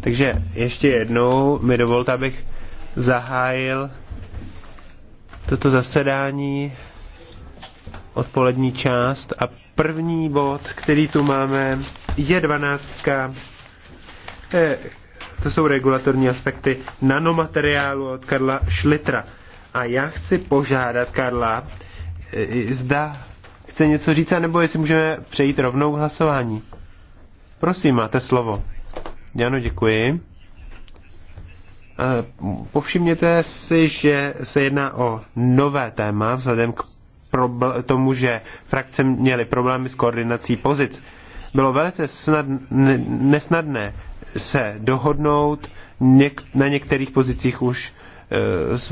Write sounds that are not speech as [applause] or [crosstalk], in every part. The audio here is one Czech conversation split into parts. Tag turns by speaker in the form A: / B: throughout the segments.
A: Takže ještě jednou mi dovolte, abych zahájil toto zasedání, odpolední část a první bod, který tu máme, je dvanáctka. E, to jsou regulatorní aspekty nanomateriálu od Karla Šlitra. A já chci požádat Karla, e, zda chce něco říct, nebo jestli můžeme přejít rovnou k hlasování. Prosím, máte slovo. Jano, děkuji. Eh, povšimněte si, že se jedná o nové téma vzhledem k tomu, že frakce měly problémy s koordinací pozic. Bylo velice snad, nesnadné se dohodnout, něk, na některých pozicích už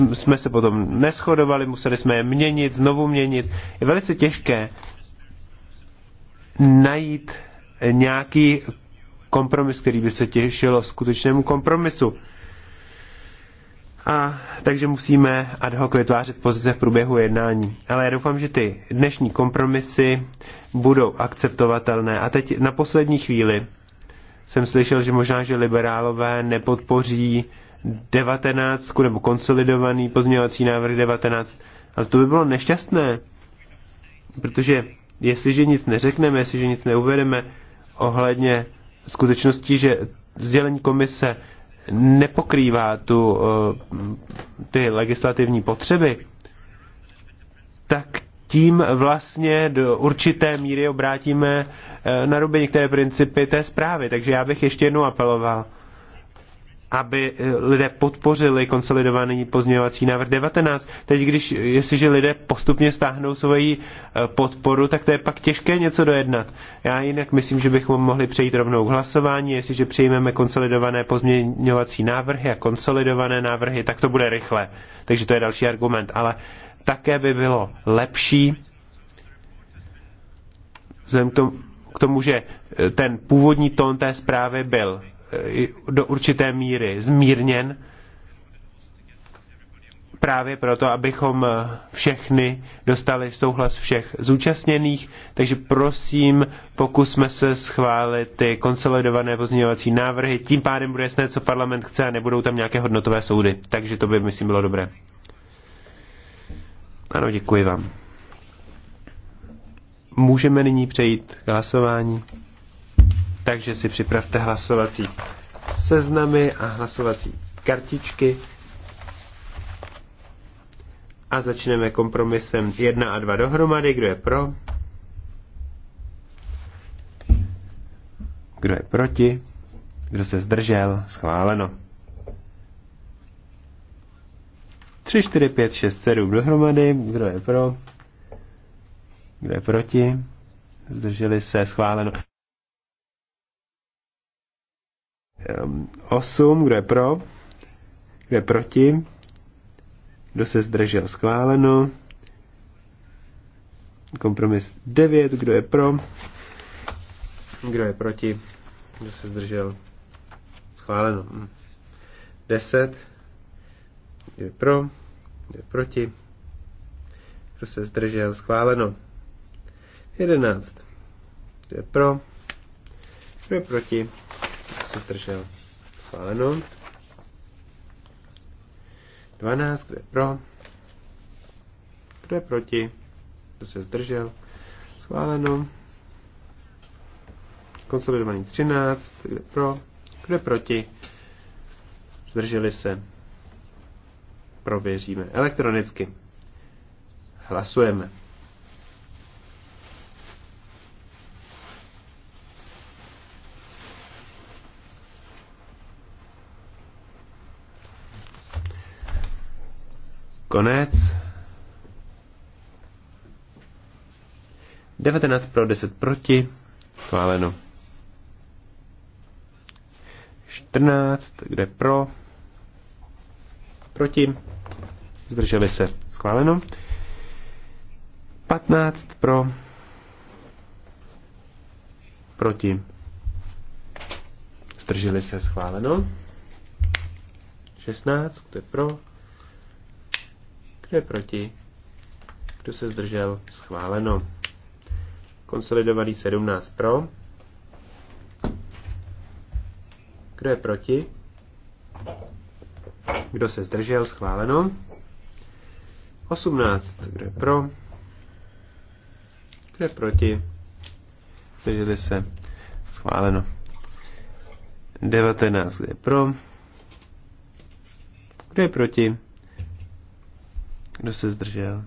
A: eh, jsme se potom neschodovali, museli jsme je měnit, znovu měnit. Je velice těžké najít nějaký kompromis, který by se těšil skutečnému kompromisu. A takže musíme ad hoc vytvářet pozice v průběhu jednání. Ale já doufám, že ty dnešní kompromisy budou akceptovatelné. A teď na poslední chvíli jsem slyšel, že možná, že liberálové nepodpoří 19 nebo konsolidovaný pozměňovací návrh 19. Ale to by bylo nešťastné, protože jestliže nic neřekneme, jestliže nic neuvedeme, ohledně skutečnosti, že sdělení komise nepokrývá tu, eh, ty legislativní potřeby, tak tím vlastně do určité míry obrátíme eh, na ruby některé principy té zprávy. Takže já bych ještě jednou apeloval aby eh, lidé podpořili konsolidovaný pozměňovací návrh 19. Teď, když, jestliže lidé postupně stáhnou svoji eh, podporu, tak to je pak těžké něco dojednat. Já jinak myslím, že bychom mohli přejít rovnou k hlasování, jestliže přijmeme konsolidované pozměňovací návrhy a konsolidované návrhy, tak to bude rychle. Takže to je další argument. Ale také by bylo lepší, vzhledem k tomu, že eh, ten původní tón té zprávy byl do určité míry zmírněn právě proto, abychom všechny dostali souhlas všech zúčastněných. Takže prosím, pokusme se schválit ty konsolidované pozměňovací návrhy. Tím pádem bude jasné, co parlament chce a nebudou tam nějaké hodnotové soudy. Takže to by, myslím, bylo dobré. Ano, děkuji vám. Můžeme nyní přejít k hlasování. Takže si připravte hlasovací seznamy a hlasovací kartičky. A začneme kompromisem 1 a 2 dohromady. Kdo je pro? Kdo je proti? Kdo se zdržel? Schváleno. 3, 4, 5, 6, 7 dohromady. Kdo je pro? Kdo je proti? Zdrželi se? Schváleno. 8, kdo je pro, kdo je proti, kdo se zdržel schváleno, kompromis 9, kdo je pro, kdo je proti, kdo se zdržel schváleno, 10, hm. kdo je pro, kdo je proti, kdo se zdržel schváleno, 11, kdo je pro, kdo je proti, se zdržel? Schváleno. 12, kdo je pro? Kdo je proti? Kdo se zdržel? Schváleno. Konsolidovaný 13, kdo je pro? Kdo je proti? Zdrželi se. Prověříme elektronicky. Hlasujeme. Konec. 19 pro 10 proti. Schváleno. 14, kde pro, proti, zdrželi se, schváleno. 15 pro, proti, zdrželi se, schváleno. 16, kde pro, kdo je proti? Kdo se zdržel? Schváleno. Konsolidovaný 17 pro. Kdo je proti? Kdo se zdržel? Schváleno. 18. Kdo je pro? Kdo je proti? Zdrželi se. Schváleno. 19. Kdo je pro? Kdo je proti? Kdo se zdržel?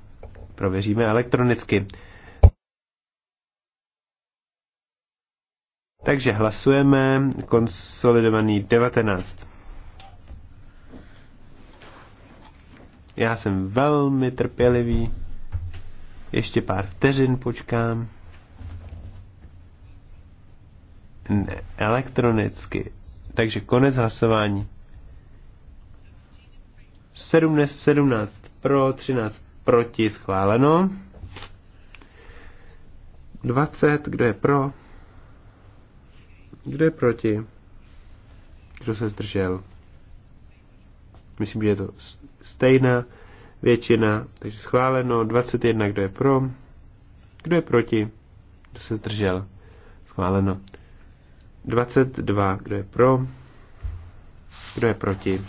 A: Prověříme elektronicky. Takže hlasujeme konsolidovaný 19. Já jsem velmi trpělivý. Ještě pár vteřin počkám. Ne, elektronicky. Takže konec hlasování. 17, 17 pro, 13 proti, schváleno. 20, kdo je pro? Kdo je proti? Kdo se zdržel? Myslím, že je to stejná většina, takže schváleno. 21, kdo je pro? Kdo je proti? Kdo se zdržel? Schváleno. 22, kdo je pro? Kdo je proti?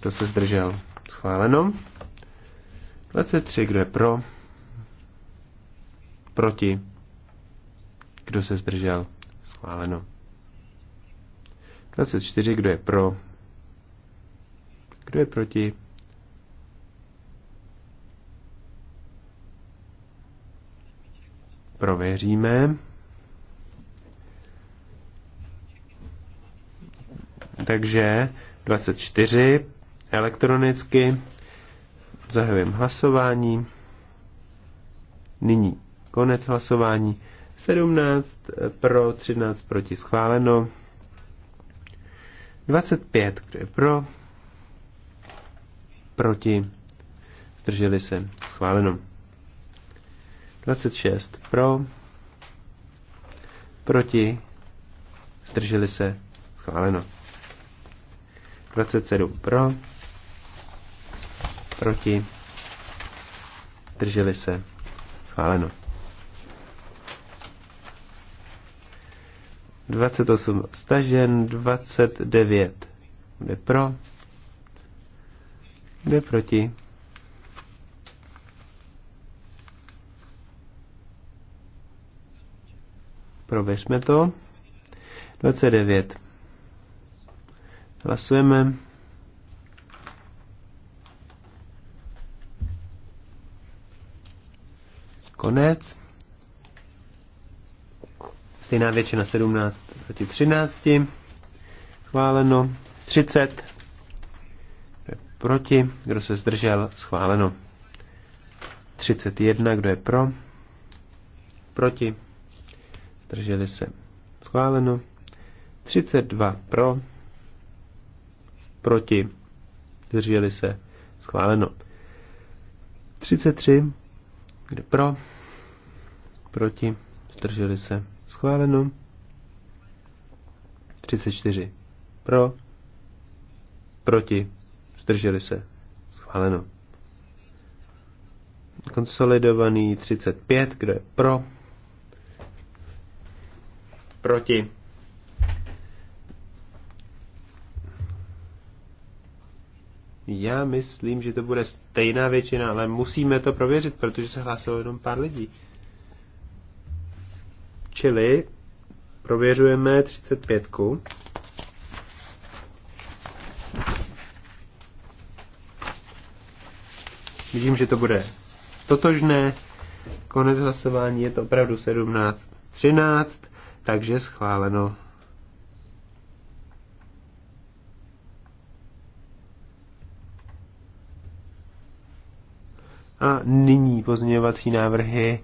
A: Kdo se zdržel? Schváleno. 23, kdo je pro? Proti? Kdo se zdržel? Schváleno. 24, kdo je pro? Kdo je proti? Prověříme. Takže 24 elektronicky. Zahajujeme hlasování. Nyní konec hlasování. 17 pro, 13 proti schváleno. 25, kdo je pro, proti, zdrželi se, schváleno. 26 pro, proti, zdrželi se, schváleno. 27 pro, Proti. Drželi se. Schváleno. 28 stažen, 29 bude pro, bude proti. Prověřme to. 29. Hlasujeme. Konec. Stejná většina 17 proti 13. Schváleno. 30. proti? Kdo se zdržel? Schváleno. 31. Kdo je pro? Proti? Zdrželi se. Schváleno. 32 pro, proti, zdrželi se, schváleno. 33, kde pro, proti, zdrželi se, schváleno. 34 pro, proti, zdrželi se, schváleno. Konsolidovaný 35, kdo je pro, proti, Já myslím, že to bude stejná většina, ale musíme to prověřit, protože se hlásilo jenom pár lidí. Čili prověřujeme 35. Vidím, že to bude totožné. Konec hlasování je to opravdu 17. 13, takže schváleno. A nyní pozměňovací návrhy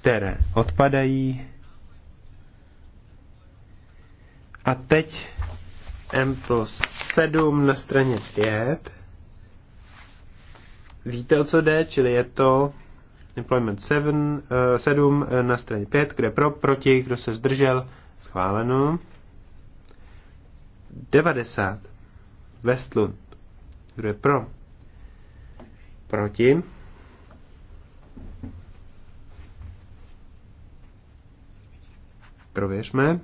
A: které odpadají. A teď M plus 7 na straně 5. Víte, o co jde, čili je to Employment 7, 7 eh, eh, na straně 5, kde pro, proti, kdo se zdržel, schváleno. 90. Westlund. Kdo je pro? Proti. Prověřme.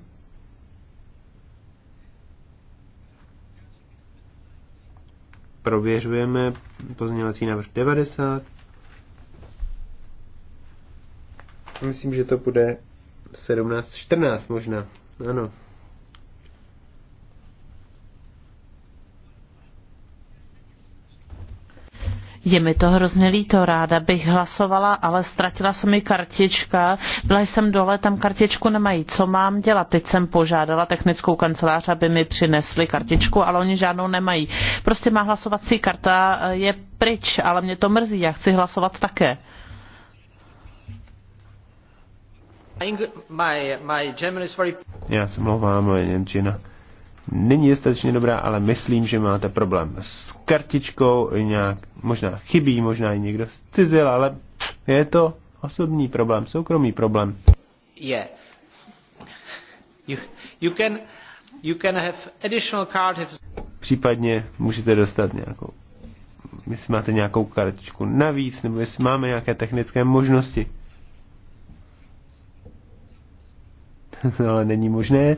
A: Prověřujeme pozměňovací návrh 90. Myslím, že to bude 17.14 možná. Ano.
B: Je mi to hrozně líto, ráda bych hlasovala, ale ztratila se mi kartička. Byla jsem dole, tam kartičku nemají. Co mám dělat? Teď jsem požádala technickou kancelář, aby mi přinesli kartičku, ale oni žádnou nemají. Prostě má hlasovací karta eh, je pryč, ale mě to mrzí, já chci hlasovat také.
A: Já se mluvám, Němčina není dostatečně dobrá, ale myslím, že máte problém s kartičkou, nějak, možná chybí, možná i někdo zcizil, ale je to osobní problém, soukromý problém.
B: Yeah. You, you can, you can have additional card if...
A: Případně můžete dostat nějakou jestli máte nějakou kartičku navíc, nebo jestli máme nějaké technické možnosti. [laughs] to ale není možné.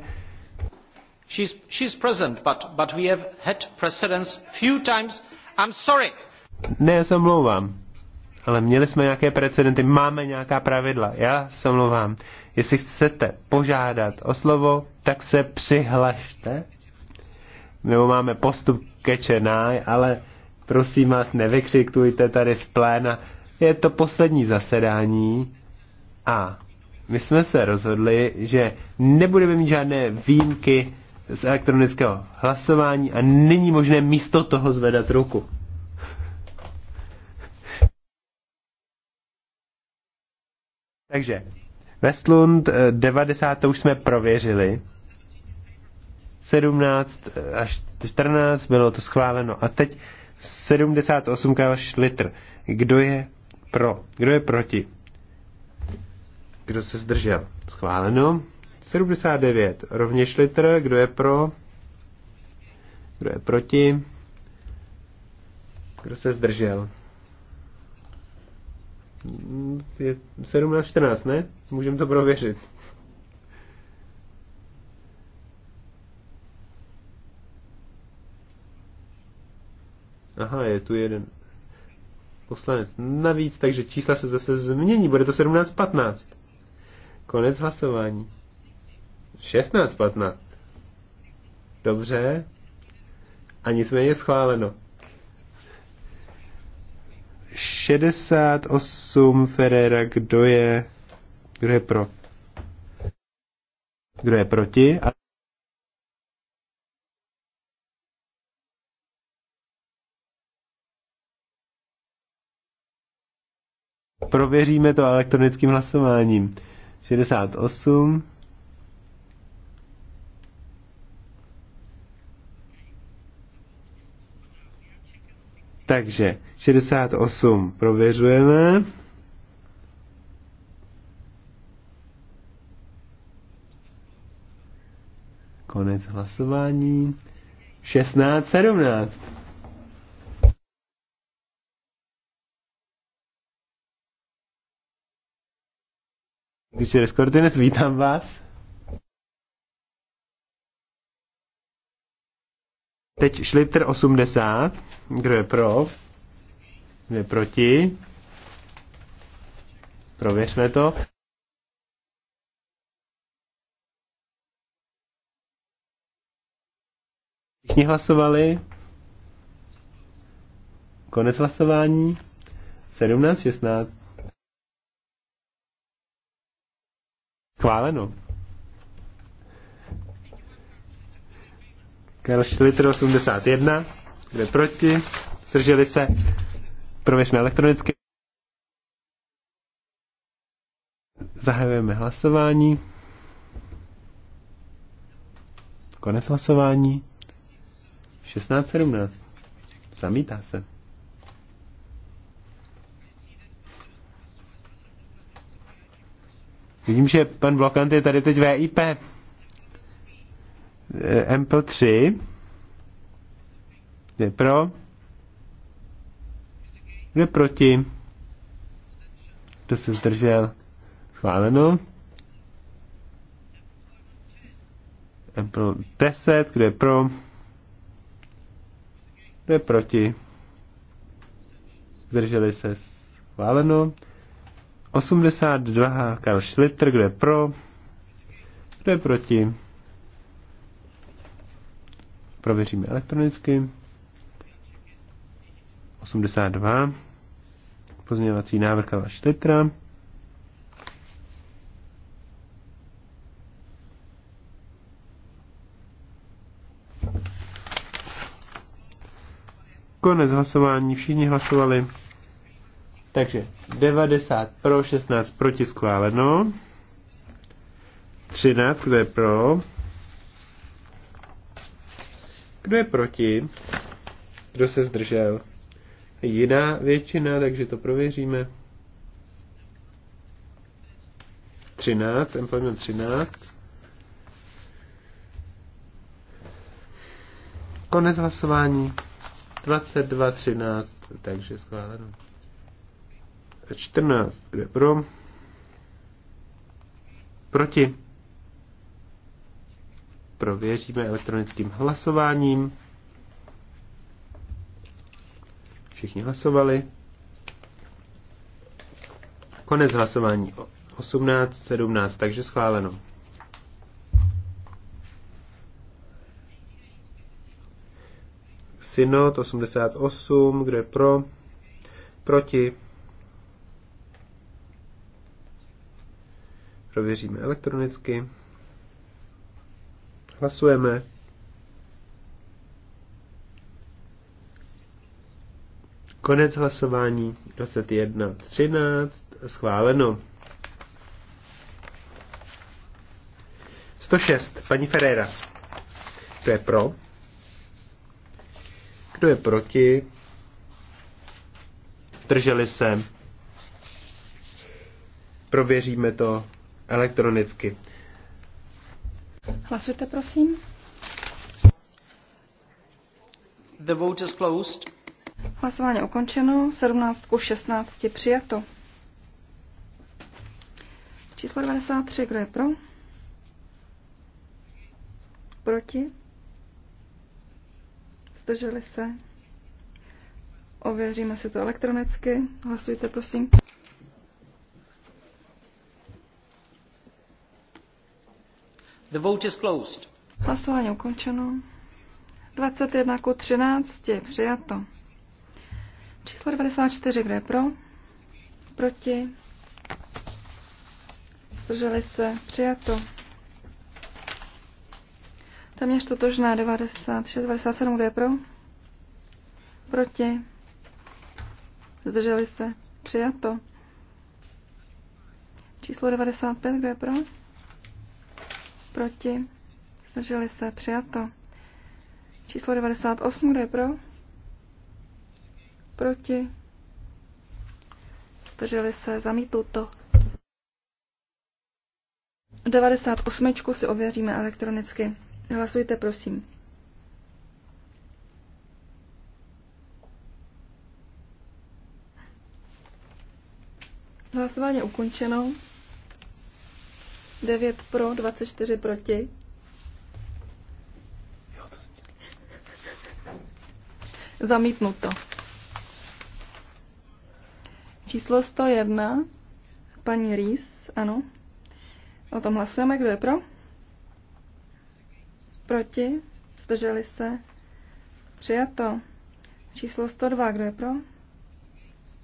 B: She is present, but, but we have had precedence few times. I'm sorry.
A: Ne, já se omlouvám. Ale měli jsme nějaké precedenty, máme nějaká pravidla. Já se omlouvám. Jestli chcete požádat o slovo, tak se přihlašte. Nebo máme postup kečenáj, ale prosím vás, nevykřiktujte tady z pléna. Je to poslední zasedání a my jsme se rozhodli, že nebudeme mít žádné výjimky z elektronického hlasování a není možné místo toho zvedat ruku. Takže Westlund 90. Eh, už jsme prověřili. 17 eh, až 14 bylo to schváleno. A teď 78 až litr. Kdo je pro? Kdo je proti? Kdo se zdržel? Schváleno. 79, rovněž litr, kdo je pro, kdo je proti, kdo se zdržel. Je 17.14, ne? Můžeme to prověřit. Aha, je tu jeden poslanec navíc, takže čísla se zase změní, bude to 17.15. Konec hlasování. 16, 15. Dobře. A nicméně schváleno. 68 Ferrera, kdo je, kdo je pro? Kdo je proti? A Prověříme to elektronickým hlasováním. 68 Takže 68 prověřujeme. Konec hlasování. 16, 17. Gutierrez Cortines, vítám vás. Teď šlitr 80. Kdo je pro? Kdo je proti? Prověřme to. Všichni hlasovali? Konec hlasování? 17, 16. Schváleno. Karl 81, kde proti, zdrželi se, prověřme elektronicky. Zahajujeme hlasování. Konec hlasování. 16.17. Zamítá se. Vidím, že pan Blokant je tady teď VIP. Eh, mp 3. Kde je pro? Kde je proti? Kdo se zdržel? Schváleno. mp 10. Kdo je pro? Kdo je proti? Zdrželi se? Schváleno. 82 Karl Schlitter. Kdo je pro? Kdo je proti? Prověříme elektronicky. 82. Pozměňovací návrh Karla Štetra. Konec hlasování, všichni hlasovali. Takže 90 pro, 16 proti schváleno. 13, kdo je pro, kdo je proti? Kdo se zdržel? Jiná většina, takže to prověříme. 13, employment 13. Konec hlasování 13, takže schváleno. 14, kde pro? Proti prověříme elektronickým hlasováním. Všichni hlasovali. Konec hlasování 18, 17, takže schváleno. Synod 88, kdo je pro, proti. Prověříme elektronicky. Hlasujeme. Konec hlasování 21.13. Schváleno. 106. Paní Ferreira. Kdo je pro? Kdo je proti? Drželi se. Prověříme to elektronicky.
C: Hlasujte, prosím.
B: The vote is closed.
C: Hlasování ukončeno, 17 ku 16 přijato. Číslo 93, kdo je pro? Proti? Zdrželi se? Ověříme si to elektronicky. Hlasujte, prosím.
A: The vote is closed.
C: Hlasování ukončeno. 21 k 13 přijato. Číslo 94, kde je pro? Proti? Zdrželi se? Přijato. Téměř totožné 96, 97, kde je pro? Proti? Zdrželi se? Přijato. Číslo 95, kde je pro? proti, zdrželi se, přijato. Číslo 98, kdo je pro? Proti, zdrželi se, to. 98 si ověříme elektronicky. Hlasujte, prosím. Hlasování ukončeno. 9 pro, 24 proti. Zamítnuto. Číslo 101, paní Rýs, ano. O tom hlasujeme, kdo je pro? Proti, zdrželi se, přijato. Číslo 102, kdo je pro?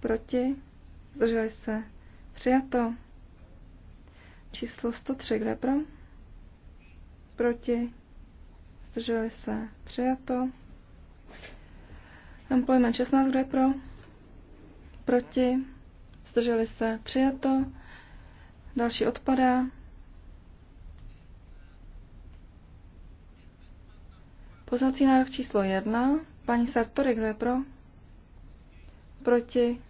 C: Proti, zdrželi se, přijato. Číslo 103, kde pro? Proti. Zdrželi se. Přijato. Employment 16, kde pro? Proti. Zdrželi se. Přijato. Další odpadá. Poznací návrh číslo 1. Paní Sartori, kdo je pro? Proti?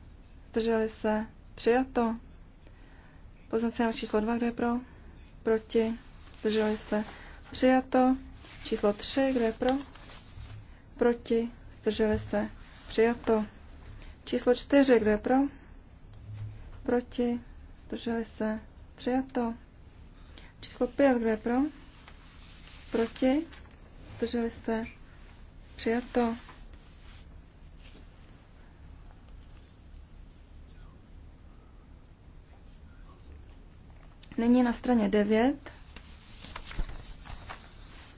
C: Zdrželi se? Přijato. Poznací návrh číslo 2, kdo je pro? Proti? Zdrželi se? Přijato. Číslo 3, kdo je pro? Proti? Zdrželi se? Přijato. Číslo 4, kdo je pro? Proti? Zdrželi se? Přijato. Číslo 5, kdo je pro? Proti? Zdrželi se? Přijato. Nyní na straně 9.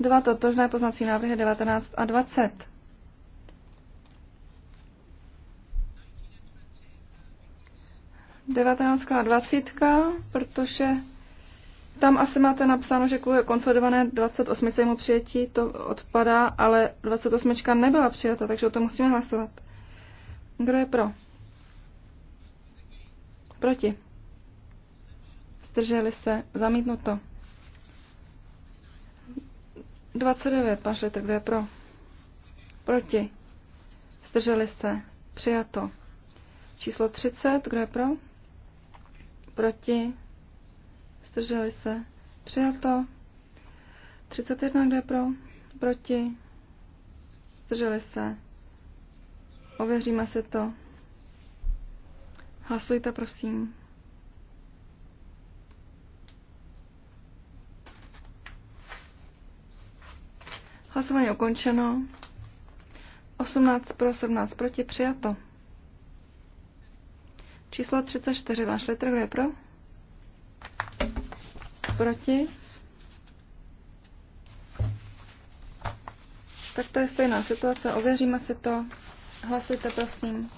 C: Dva totožné poznací návrhy 19 a 20. Devatenáctka a dvacítka, protože tam asi máte napsáno, že kvůli konsolidované 28. se mu přijetí to odpadá, ale 28. nebyla přijata, takže o tom musíme hlasovat. Kdo je pro? Proti zdrželi se, zamítnuto. 29, pan Šlitek, kdo je pro? Proti, zdrželi se, přijato. Číslo 30, kdo je pro? Proti, zdrželi se, přijato. 31, kdo je pro? Proti, zdrželi se, ověříme si to. Hlasujte, prosím. Hlasování ukončeno. 18 pro, 17 proti, přijato. Číslo 34, váš litr, kdo je pro? Proti? Tak to je stejná situace, ověříme si to. Hlasujte, prosím.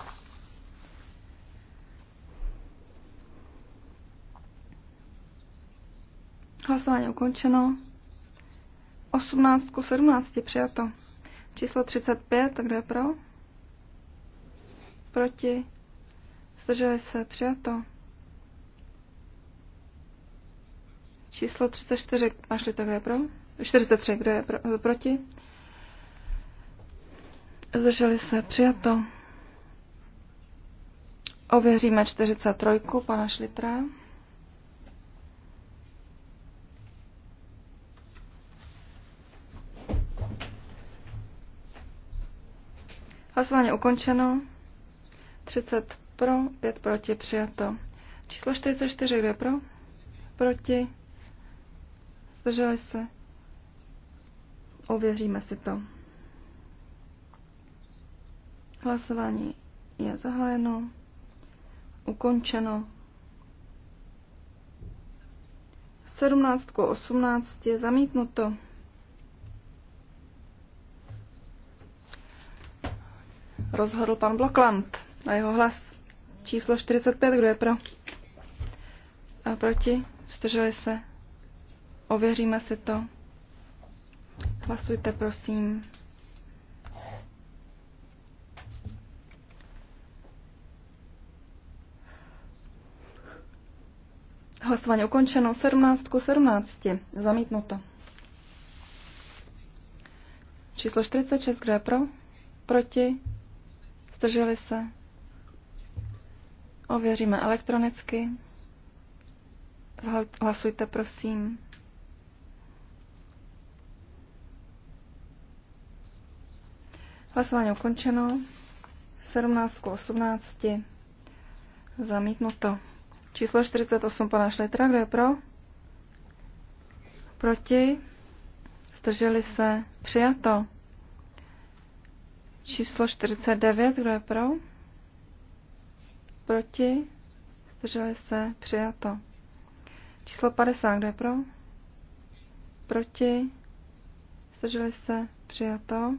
C: Hlasování ukončeno. 18 ku 17 přijato. Číslo 35, tak kdo je pro? Proti? Zdrželi se, přijato. Číslo 34, našli to, kdo je pro? 43, kdo je pro, proti? Zdrželi se, přijato. Ověříme 43 pana Šlitra. Hlasování ukončeno. 30 pro, 5 proti, přijato. Číslo 44, je pro? Proti. Zdrželi se. Ověříme si to. Hlasování je zahájeno, ukončeno. 17 k 18 je zamítnuto. rozhodl pan Blokland na jeho hlas číslo 45, kdo je pro? A proti? Vstrželi se? Ověříme si to. Hlasujte, prosím. Hlasování ukončeno 17 k 17. Zamítnuto. Číslo 46, kdo je pro? Proti? Zdrželi se? Ověříme elektronicky. Hlasujte, prosím. Hlasování ukončeno. 17 k 18. Zamítnuto. Číslo 48 pana Šlitra, kdo je pro? Proti? Zdrželi se? Přijato. Číslo 49, kdo je pro? Proti? Zdrželi se? Přijato. Číslo 50, kdo je pro? Proti? Zdrželi se? Přijato.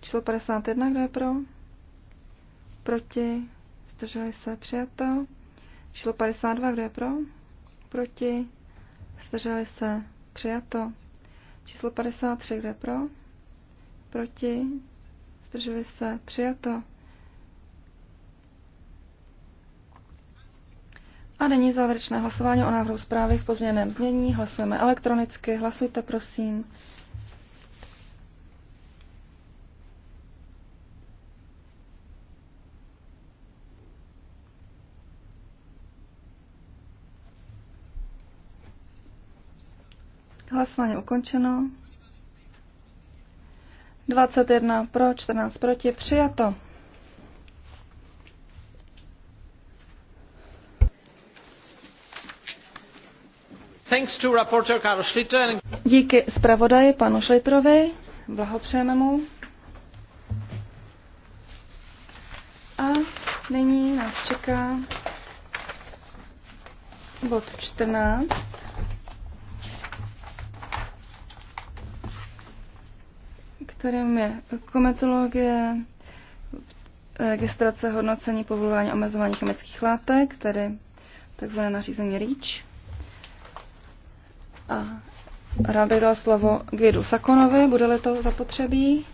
C: Číslo 51, kdo je pro? Proti? Zdrželi se? Přijato. Číslo 52, kdo je pro? Proti? Zdrželi se? Přijato. Číslo 53, kdo je pro? Proti? zdrželi se, přijato. A není závěrečné hlasování o návrhu zprávy v pozměněném znění. Hlasujeme elektronicky. Hlasujte, prosím. Hlasování ukončeno. 21 pro, 14 proti, přijato. Díky zpravodaji panu Šlitrovi, blahopřejeme mu. A nyní nás čeká bod 14. kterým je kometologie, registrace, hodnocení, povolování, omezování chemických látek, tedy takzvané nařízení REACH. A rád bych dala slovo Gidu Sakonovi, bude-li to zapotřebí.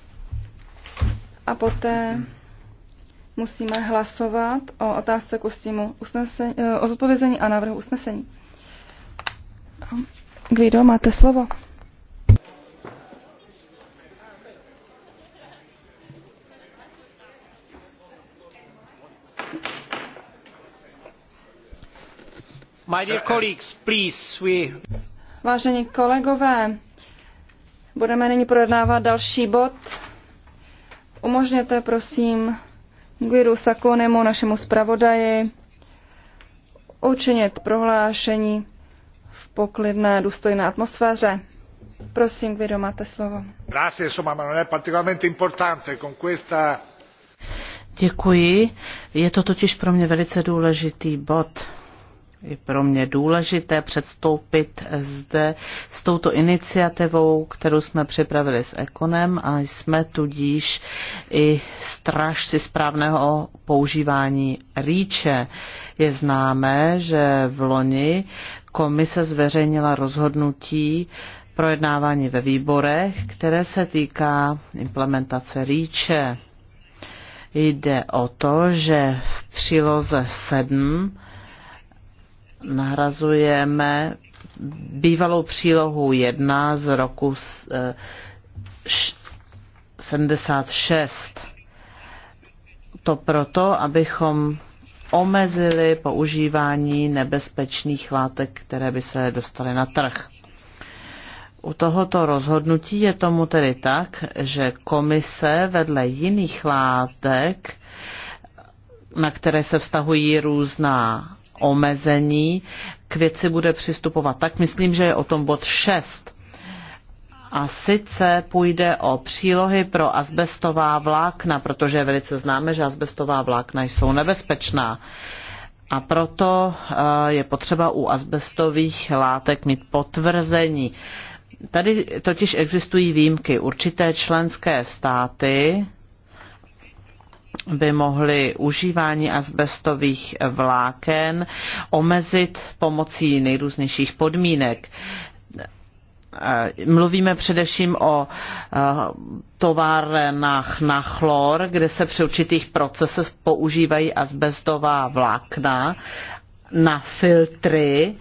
C: A poté musíme hlasovat o otázce k ústímu usnesení, eh, o zodpovězení a návrhu usnesení. Guido, máte slovo. Vážení kolegové, budeme nyní projednávat další bod. Umožněte, prosím, Guiru Sakonemu, našemu zpravodaji, učinit prohlášení v poklidné, důstojné atmosféře. Prosím, Guido, máte slovo.
B: Děkuji. Je to totiž pro mě velice důležitý bod je pro mě důležité předstoupit zde s touto iniciativou, kterou jsme připravili s Ekonem a jsme tudíž i stražci správného používání rýče. Je známé, že v loni komise zveřejnila rozhodnutí projednávání ve výborech, které se týká implementace rýče. Jde o to, že v příloze 7 nahrazujeme bývalou přílohu 1 z roku 76. Eh, to proto, abychom omezili používání nebezpečných látek, které by se dostaly na trh. U tohoto rozhodnutí je tomu tedy tak, že komise vedle jiných látek, na které se vztahují různá omezení. K věci bude přistupovat tak. Myslím, že je o tom bod 6. A sice půjde o přílohy pro asbestová vlákna, protože velice známe, že asbestová vlákna jsou nebezpečná. A proto eh, je potřeba u asbestových látek mít potvrzení. Tady totiž existují výjimky. Určité členské státy by mohli užívání asbestových vláken omezit pomocí nejrůznějších podmínek. Eh, mluvíme především o eh, továrnách na chlor, kde se při určitých procesech používají asbestová vlákna na filtry,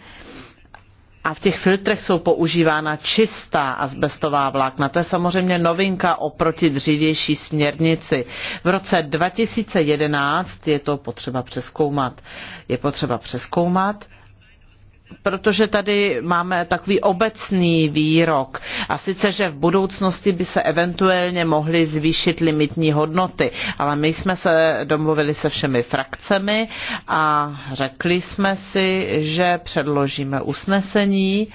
B: a v těch filtrech jsou používána čistá asbestová vlákna. To je samozřejmě novinka oproti dřívější směrnici. V roce 2011 je to potřeba přeskoumat. Je potřeba přeskoumat protože tady máme takový obecný výrok a sice, že v budoucnosti by se eventuálně mohly zvýšit limitní hodnoty, ale my jsme se domluvili se všemi frakcemi a řekli jsme si, že předložíme usnesení,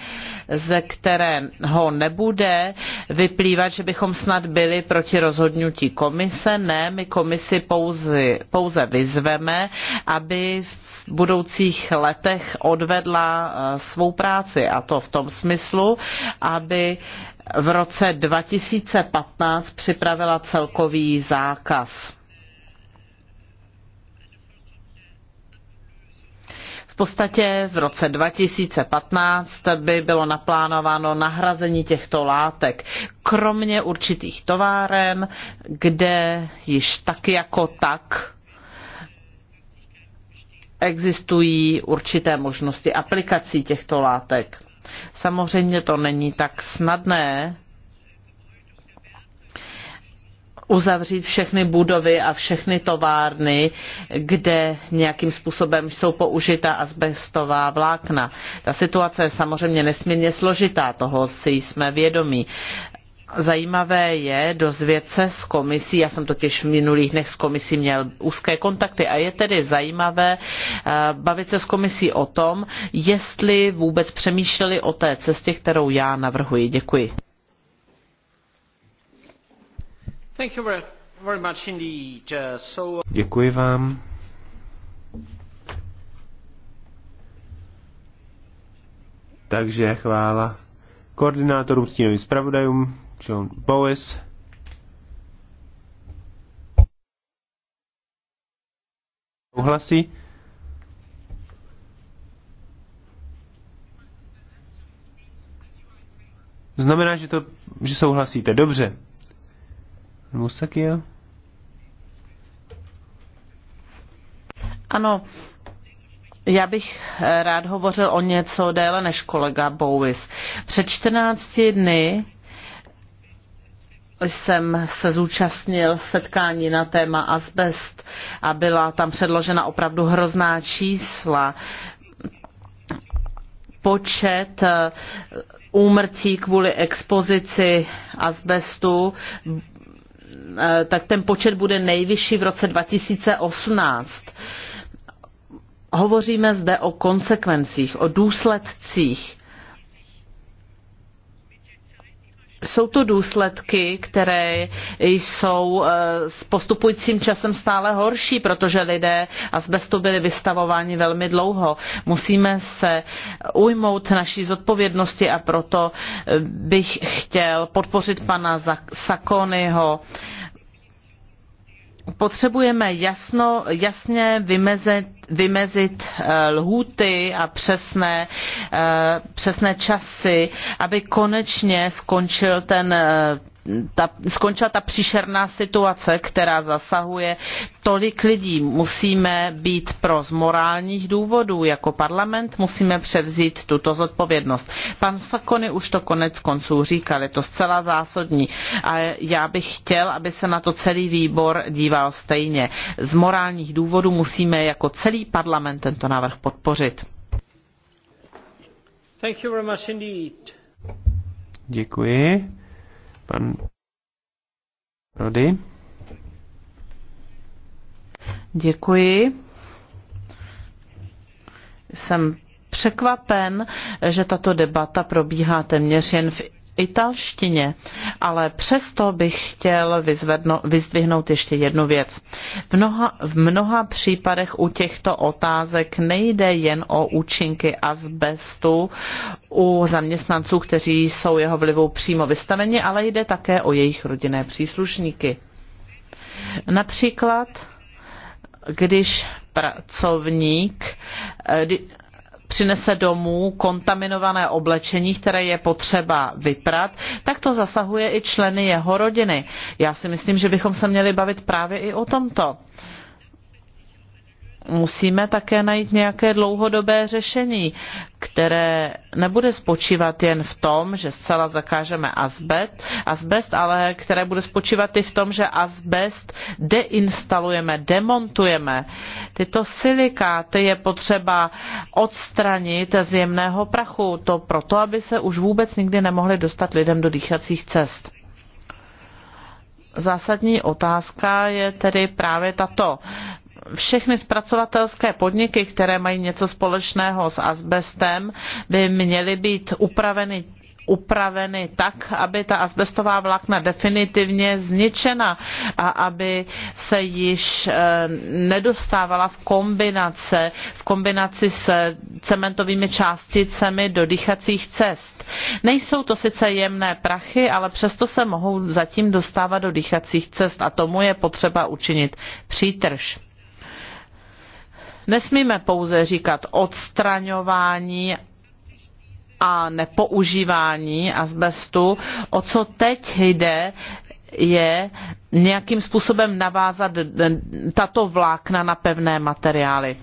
B: ze kterého nebude vyplývat, že bychom snad byli proti rozhodnutí komise. Ne, my komisi pouze, pouze vyzveme, aby v budoucích letech odvedla eh, svou práci a to v tom smyslu, aby v roce 2015 připravila celkový zákaz. V podstatě v roce 2015 by bylo naplánováno nahrazení těchto látek, kromě určitých továren, kde již tak jako tak existují určité možnosti aplikací těchto látek. Samozřejmě to není tak snadné uzavřít všechny budovy a všechny továrny, kde nějakým způsobem jsou použita asbestová vlákna. Ta situace je samozřejmě nesmírně složitá, toho si jsme vědomí zajímavé je dozvědět se z komisí, já jsem totiž v minulých dnech s komisí měl úzké kontakty a je tedy zajímavé eh, bavit se s komisí o tom, jestli vůbec přemýšleli o té cestě, kterou já navrhuji. Děkuji. Uh, uh, Děkuji vám.
A: Takže chvála koordinátorům, stínovým zpravodajům, John Bowes. Souhlasí? Znamená, že, to, že souhlasíte. Dobře. Musakio?
B: Ano, já bych rád hovořil o něco déle než kolega Bowis. Před 14 dny jsem se zúčastnil setkání na téma asbest a byla tam předložena opravdu hrozná čísla. Počet eh, úmrtí kvůli expozici asbestu eh, tak ten počet bude nejvyšší v roce 2018. Hovoříme zde o konsekvencích, o důsledcích jsou to důsledky, které jsou eh, s postupujícím časem stále horší, protože lidé asbestu byli vystavováni velmi dlouho. Musíme se ujmout naší zodpovědnosti a proto eh, bych chtěl podpořit pana Sakonyho potřebujeme jasno, jasně vymezit, vymezit eh, lhůty a přesné, eh, přesné časy, aby konečně skončil ten eh, ta, skončila ta příšerná situace, která zasahuje tolik lidí. Musíme být pro z morálních důvodů jako parlament, musíme převzít tuto zodpovědnost. Pan Sakony už to konec konců říkal, je to zcela zásadní a já bych chtěl, aby se na to celý výbor díval stejně. Z morálních důvodů musíme jako celý parlament tento návrh podpořit. Thank you very much indeed.
A: Děkuji. Pan Rody.
B: Děkuji. Jsem překvapen, že tato debata probíhá téměř jen v italštině, ale přesto bych chtěl vyzdvihnout ještě jednu věc. V mnoha, v mnoha případech u těchto otázek nejde jen o účinky azbestu u zaměstnanců, kteří jsou jeho vlivu přímo vystaveni, ale jde také o jejich rodinné příslušníky. Například, když pracovník eh, přinese domů kontaminované oblečení, které je potřeba vyprat, tak to zasahuje i členy jeho rodiny. Já si myslím, že bychom se měli bavit právě i o tomto musíme také najít nějaké dlouhodobé řešení, které nebude spočívat jen v tom, že zcela zakážeme asbest, asbest, ale které bude spočívat i v tom, že asbest deinstalujeme, demontujeme. Tyto silikáty je potřeba odstranit z jemného prachu. To proto, aby se už vůbec nikdy nemohli dostat lidem do dýchacích cest. Zásadní otázka je tedy právě tato všechny zpracovatelské podniky, které mají něco společného s asbestem, by měly být upraveny upraveny tak, aby ta asbestová vlákna definitivně zničena a aby se již eh, nedostávala v kombinace, v kombinaci s cementovými částicemi do dýchacích cest. Nejsou to sice jemné prachy, ale přesto se mohou zatím dostávat do dýchacích cest a tomu je potřeba učinit přítrž. Nesmíme pouze říkat odstraňování a nepoužívání azbestu. O co teď jde, je nějakým způsobem navázat tato vlákna na pevné materiály.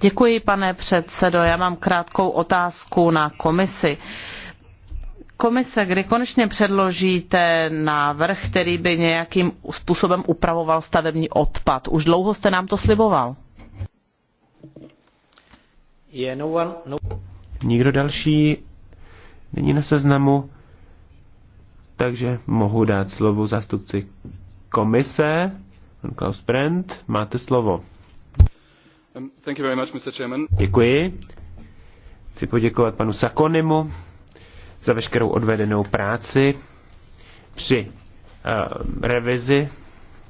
B: Děkuji, pane předsedo. Já mám krátkou otázku na komisi. Eh, komise, kdy konečně předložíte návrh, který by nějakým způsobem upravoval stavební odpad? Už dlouho jste nám to sliboval. Yeah, no one, no...
A: Nikdo další není na seznamu, takže mohu dát slovo zástupci komise. Pan Klaus Brand, máte slovo.
B: Um, thank you very much, Mr. Chairman.
A: Děkuji. Chci poděkovat panu Sakonimu za veškerou odvedenou práci při eh, revizi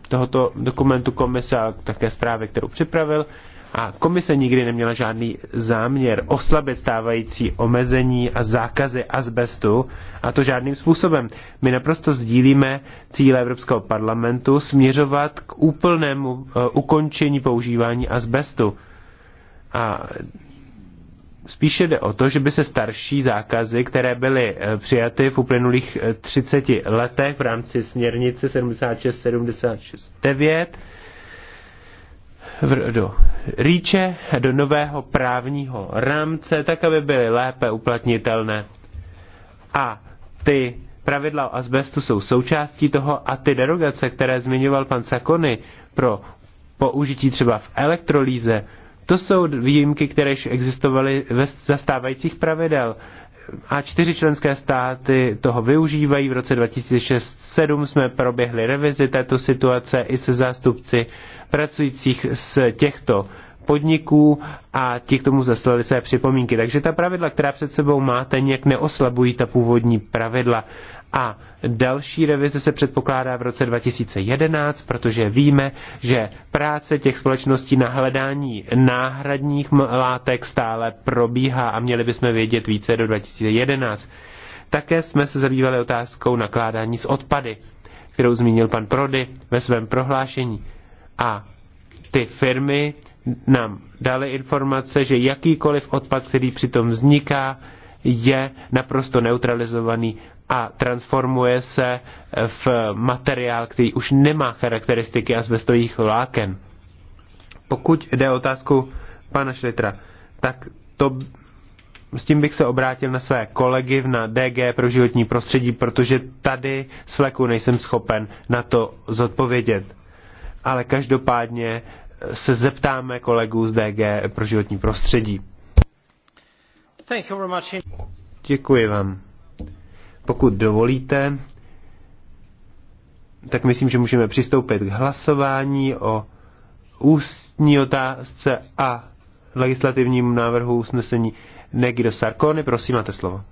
A: tohoto dokumentu komise a také zprávy, kterou připravil. A komise nikdy neměla žádný záměr oslabit stávající omezení a zákazy asbestu, a to žádným způsobem. My naprosto sdílíme cíle Evropského parlamentu směřovat k úplnému eh, ukončení používání asbestu. A Spíše jde o to, že by se starší zákazy, které byly eh, přijaty v uplynulých 30 eh, letech v rámci směrnice 76-76-9 do rýče, do nového právního rámce, tak aby byly lépe uplatnitelné. A ty pravidla o asbestu jsou součástí toho a ty derogace, které zmiňoval pan Sakony pro použití třeba v elektrolíze, to jsou výjimky, které již existovaly ve zastávajících pravidel. A čtyři členské státy toho využívají. V roce 2006-2007 jsme proběhli revizi této situace i se zástupci pracujících z těchto podniků a ti k tomu zaslali své připomínky. Takže ta pravidla, která před sebou máte, nějak neoslabují ta původní pravidla. A další revize se předpokládá v roce 2011, protože víme, že práce těch společností na hledání náhradních látek stále probíhá a měli bychom vědět více do 2011. Také jsme se zabývali otázkou nakládání s odpady, kterou zmínil pan Prody ve svém prohlášení. A ty firmy nám dali informace, že jakýkoliv odpad, který přitom vzniká, je naprosto neutralizovaný a transformuje se v materiál, který už nemá charakteristiky asbestových vláken. Pokud jde o otázku pana Šlitra, tak to, s tím bych se obrátil na své kolegy na DG pro životní prostředí, protože tady s fleku nejsem schopen na to zodpovědět. Ale každopádně se zeptáme kolegů z DG pro životní prostředí. Děkuji vám. Pokud dovolíte, tak myslím, že můžeme přistoupit k hlasování o ústní otázce a legislativnímu návrhu usnesení Negido Sarkony. Prosím, máte slovo.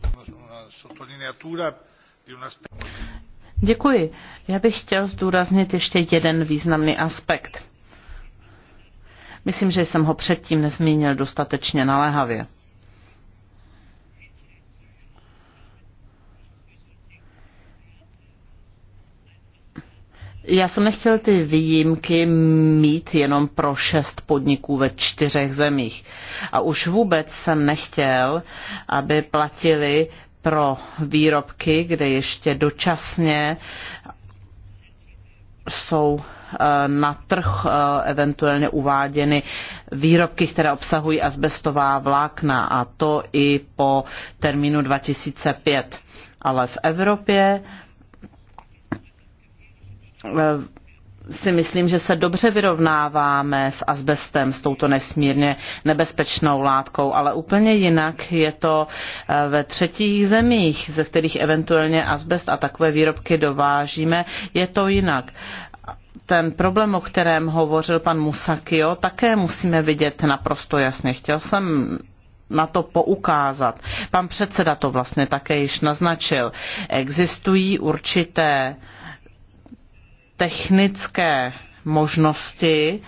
B: Děkuji. Já bych chtěl zdůraznit ještě jeden významný aspekt. Myslím, že jsem ho předtím nezmínil dostatečně naléhavě. Já jsem nechtěl ty výjimky mít jenom pro šest podniků ve čtyřech zemích. A už vůbec jsem nechtěl, aby platili pro výrobky, kde ještě dočasně jsou eh, na trh eh, eventuálně uváděny výrobky, které obsahují asbestová vlákna a to i po termínu 2005. Ale v Evropě Eh, si myslím, že se dobře vyrovnáváme s asbestem, s touto nesmírně nebezpečnou látkou, ale úplně jinak je to eh, ve třetích zemích, ze kterých eventuálně asbest a takové výrobky dovážíme, je to jinak ten problém, o kterém hovořil pan Musakio, také musíme vidět naprosto jasně. Chtěl jsem na to poukázat. Pan předseda to vlastně také již naznačil. Existují určité uh, technické možnosti,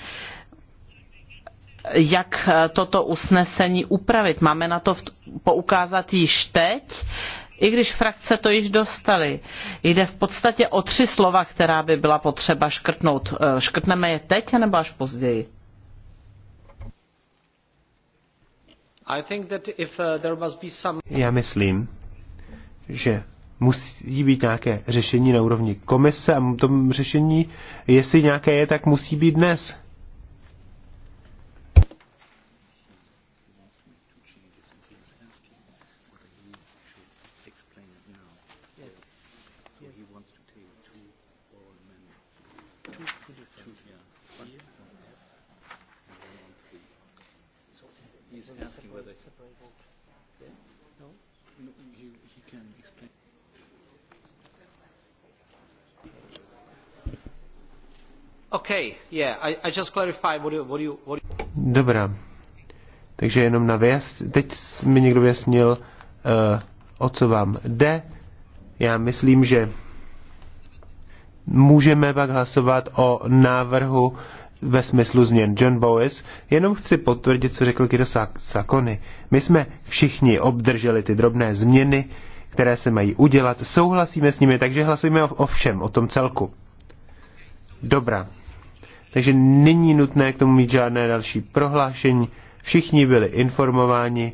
B: jak toto usnesení upravit. Máme na to poukázat již teď, i když frakce to již dostali. Jde v podstatě o tři slova, která by byla potřeba škrtnout. E, škrtneme je teď, nebo až později? Uh, Já
A: myslím, že musí být nějaké řešení na úrovni komise a to řešení, jestli nějaké je, tak musí být dnes.
B: Okay, yeah, I, I just clarify what you, what you, what you...
A: Dobrá. Takže jenom na vyjasn... Teď mi někdo vyjasnil, uh, o co vám jde. Já myslím, že můžeme pak hlasovat o návrhu ve smyslu změn. John Bowes, jenom chci potvrdit, co řekl Kiro Sakony. My jsme všichni obdrželi ty drobné změny, které se mají udělat. Souhlasíme s nimi, takže hlasujeme o všem, o tom celku. Dobrá takže není nutné k tomu mít žádné další prohlášení. Všichni byli informováni,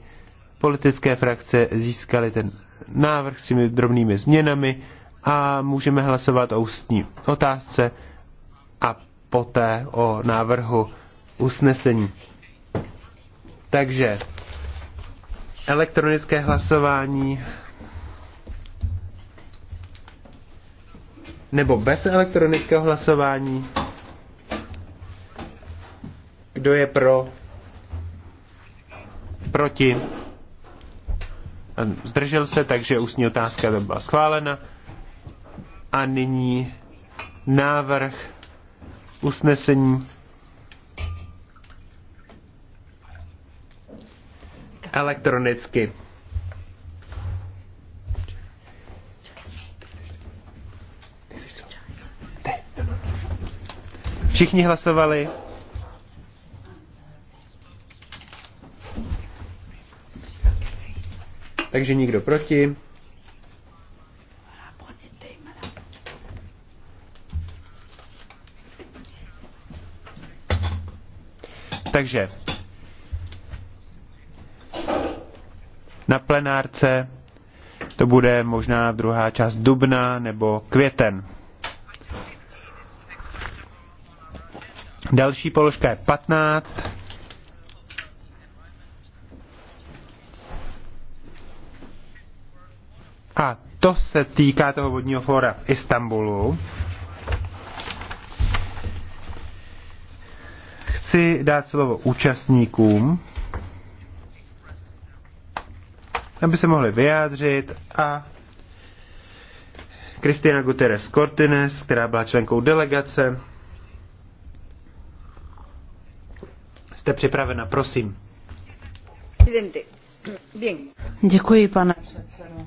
A: politické frakce získaly ten návrh s těmi drobnými změnami a můžeme hlasovat o ústní otázce a poté o návrhu usnesení. Takže elektronické hlasování nebo bez elektronického hlasování. Kdo je pro? Proti? Zdržel se, takže ústní otázka byla schválena. A nyní návrh usnesení. Elektronicky. Všichni hlasovali. Takže nikdo proti. Takže na plenárce to bude možná druhá část dubna nebo květen. Další položka je 15. To se týká toho vodního fóra v Istanbulu. Chci dát slovo účastníkům, aby se mohli vyjádřit a Kristina Guterres Cortines, která byla členkou delegace. Jste připravena, prosím.
B: Děkuji, pane předsedo.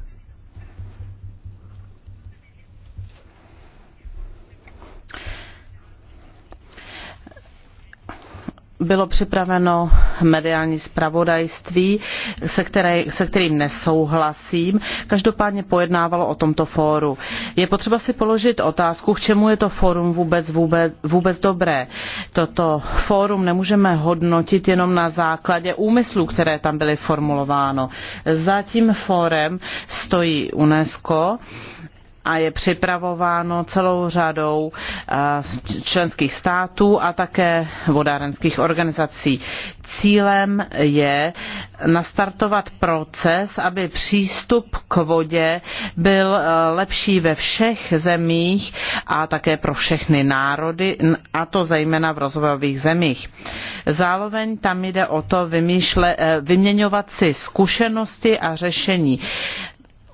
B: bylo připraveno mediální zpravodajství, se, které, se kterým nesouhlasím. Každopádně pojednávalo o tomto fóru. Je potřeba si položit otázku, k čemu je to fórum vůbec, vůbec, vůbec dobré. Toto fórum nemůžeme hodnotit jenom na základě úmyslů, které tam byly formulováno. Za tím fórem stojí UNESCO a je připravováno celou řadou eh, členských států a také vodárenských organizací. Cílem je nastartovat proces, aby přístup k vodě byl eh, lepší ve všech zemích a také pro všechny národy, a to zejména v rozvojových zemích. Zároveň tam jde o to eh, vyměňovat si zkušenosti a řešení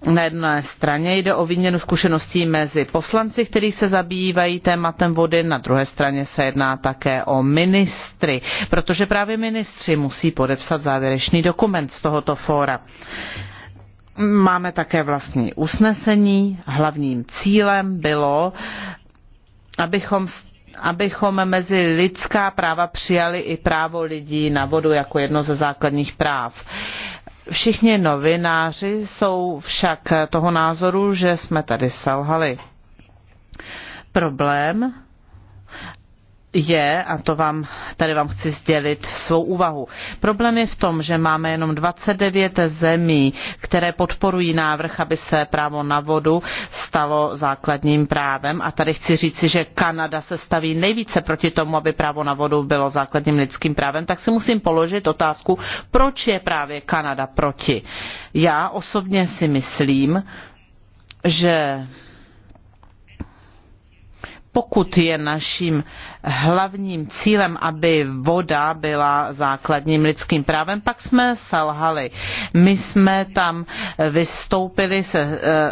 B: na jedné straně jde o výměnu zkušeností mezi poslanci, kteří se zabývají tématem vody, na druhé straně se jedná také o ministry, protože právě ministři musí podepsat závěrečný dokument z tohoto fóra. Máme také vlastní usnesení. Hlavním cílem bylo, abychom abychom mezi lidská práva přijali i právo lidí na vodu jako jedno ze základních práv. Všichni novináři jsou však toho názoru, že jsme tady selhali. Problém je, a to vám tady vám chci sdělit svou úvahu. Problém je v tom, že máme jenom 29 zemí, které podporují návrh, aby se právo na vodu stalo základním právem. A tady chci říci, že Kanada se staví nejvíce proti tomu, aby právo na vodu bylo základním lidským právem, tak si musím položit otázku, proč je právě Kanada proti. Já osobně si myslím, že pokud je naším hlavním cílem, aby voda byla základním lidským právem, pak jsme selhali. My jsme tam vystoupili se eh,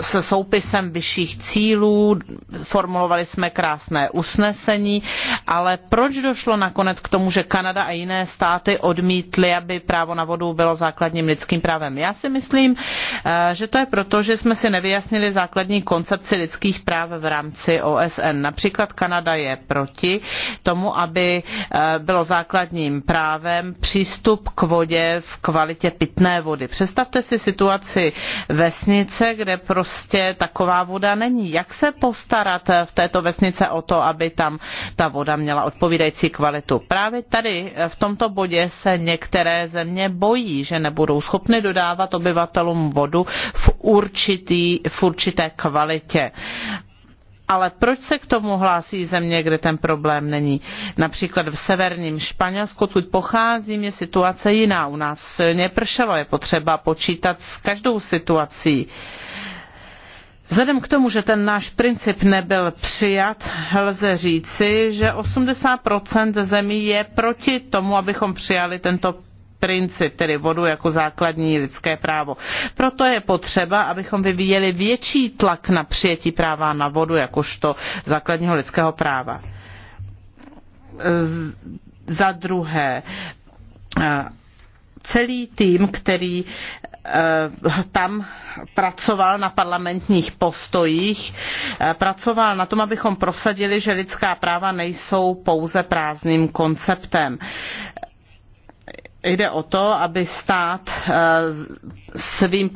B: se soupisem vyšších cílů, formulovali jsme krásné usnesení, ale proč došlo nakonec k tomu, že Kanada a jiné státy odmítly, aby právo na vodu bylo základním lidským právem? Já si myslím, eh, že to je proto, že jsme si nevyjasnili základní koncepci lidských práv v rámci OSN. Například Kanada je proti tomu, aby eh, bylo základním právem přístup k vodě v kvalitě pitné vody. Představte si situaci vesnice, kde prostě taková voda není. Jak se postarat eh, v této vesnice o to, aby tam ta voda měla odpovídající kvalitu? Právě tady eh, v tomto bodě se některé země bojí, že nebudou schopny dodávat obyvatelům vodu v, určitý, v určité kvalitě. Ale proč se k tomu hlásí země, kde ten problém není? Například v severním Španělsku, tud pocházím, je situace jiná. U nás silně pršelo, je potřeba počítat s každou situací. Uh, Vzhledem k tomu, že ten náš princip nebyl přijat, lze říci, že 80% zemí je proti tomu, abychom přijali tento princip, tedy vodu jako základní lidské právo. Proto je potřeba, abychom vyvíjeli větší tlak na přijetí práva na vodu jakožto základního lidského práva. Z, za druhé, eh, celý tým, který Eh, tam pracoval na parlamentních postojích, eh, pracoval na tom, abychom prosadili, že lidská práva nejsou pouze prázdným konceptem. Jde o to, aby stát eh, svým,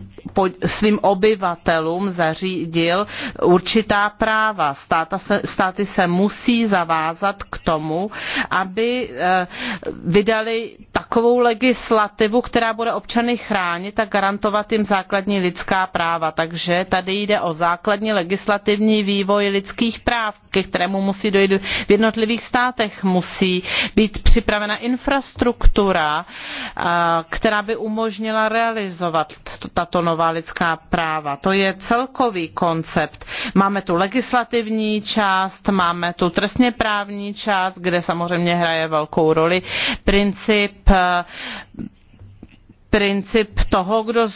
B: svým obyvatelům zařídil určitá práva. Státa se, státy se musí zavázat k tomu, aby vydali takovou legislativu, která bude občany chránit a garantovat jim základní lidská práva. Takže tady jde o základní legislativní vývoj lidských práv, ke kterému musí dojít v jednotlivých státech. Musí být připravena infrastruktura, která by umožnila realizovat tato nová lidská práva. To je celkový koncept. Máme tu legislativní část, máme tu trestně právní část, kde samozřejmě hraje velkou roli princip princip toho, kdo,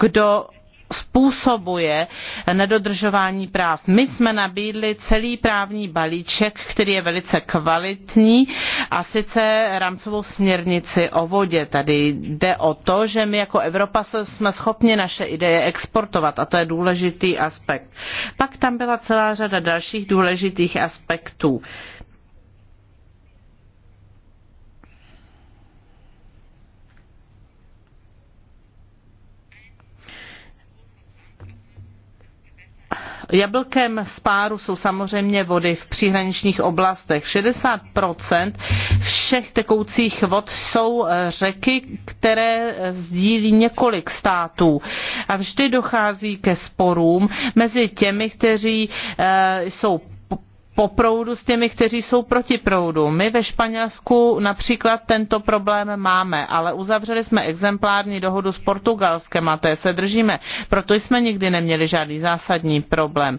B: kdo způsobuje nedodržování práv. My jsme nabídli celý právní balíček, který je velice kvalitní a sice rámcovou směrnici o vodě. Tady jde o to, že my jako Evropa jsme schopni naše ideje exportovat a to je důležitý aspekt. Pak tam byla celá řada dalších důležitých aspektů. Uh, jablkem z páru jsou samozřejmě vody v příhraničních oblastech. 60% všech tekoucích vod jsou eh, řeky, které eh, sdílí několik států. A vždy dochází ke sporům mezi těmi, kteří eh, jsou po proudu s těmi, kteří jsou proti proudu. My ve Španělsku například tento problém máme, ale uzavřeli jsme exemplární dohodu s Portugalskem a té se držíme. Proto jsme nikdy neměli žádný zásadní problém.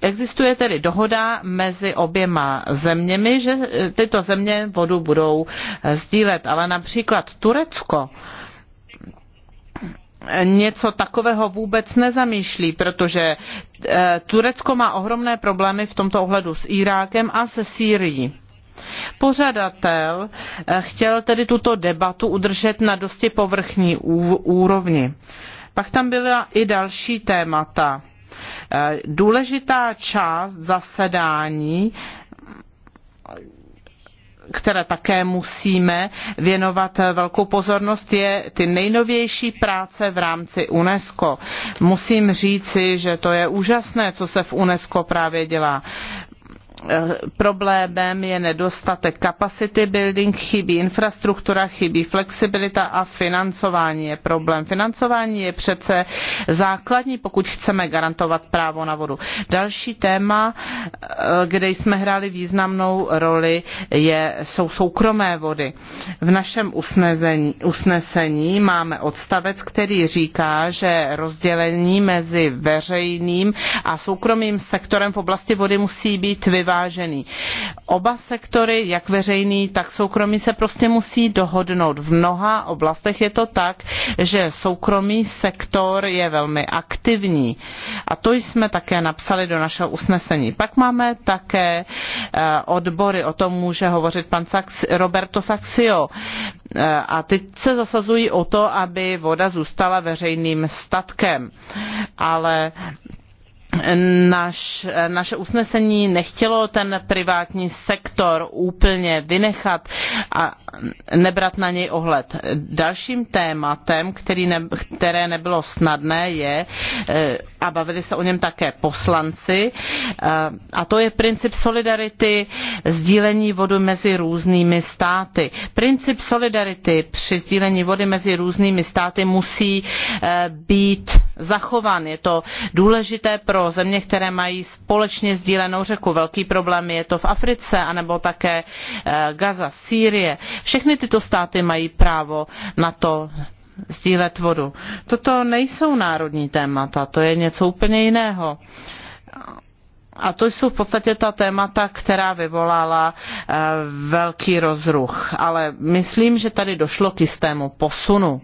B: Existuje tedy dohoda mezi oběma zeměmi, že tyto země vodu budou sdílet, ale například Turecko něco takového vůbec nezamýšlí, protože eh, Turecko má ohromné problémy v tomto ohledu s Irákem a se Sýrií. Pořadatel eh, chtěl tedy tuto debatu udržet na dosti povrchní úrovni. Pak tam byla i další témata. Eh, důležitá část zasedání které také musíme věnovat velkou pozornost, je ty nejnovější práce v rámci UNESCO. Musím říci, že to je úžasné, co se v UNESCO právě dělá. Eh, problémem je nedostatek kapacity building, chybí infrastruktura, chybí flexibilita a financování je problém. Financování je přece základní, pokud chceme garantovat právo na vodu. Další téma, eh, kde jsme hráli významnou roli, je, jsou soukromé vody. V našem usnesení, usnesení máme odstavec, který říká, že rozdělení mezi veřejným a soukromým sektorem v oblasti vody musí být vyvážené vyvážený. Oba sektory, jak veřejný, tak soukromý, se prostě musí dohodnout. V mnoha oblastech je to tak, že soukromý sektor je velmi aktivní. A to jsme také napsali do našeho usnesení. Pak máme také eh, odbory, o tom může hovořit pan Roberto Saxio. Eh, a ty se zasazují o to, aby voda zůstala veřejným statkem. Ale naše usnesení nechtělo ten privátní sektor úplně vynechat a nebrat na něj ohled. Dalším tématem, který ne, které nebylo snadné, je, eh, a bavili se o něm také poslanci, eh, a to je princip solidarity, sdílení vody mezi různými státy. Princip solidarity při sdílení vody mezi různými státy musí eh, být zachován. Je to důležité pro země, které mají společně sdílenou řeku. Velký problém je to v Africe, anebo také eh, Gaza, Sýrie. Všechny tyto státy mají právo na to sdílet vodu. Toto nejsou národní témata, to je něco úplně jiného. A to jsou v podstatě ta témata, která vyvolala eh, velký rozruch. Ale myslím, že tady došlo k jistému posunu.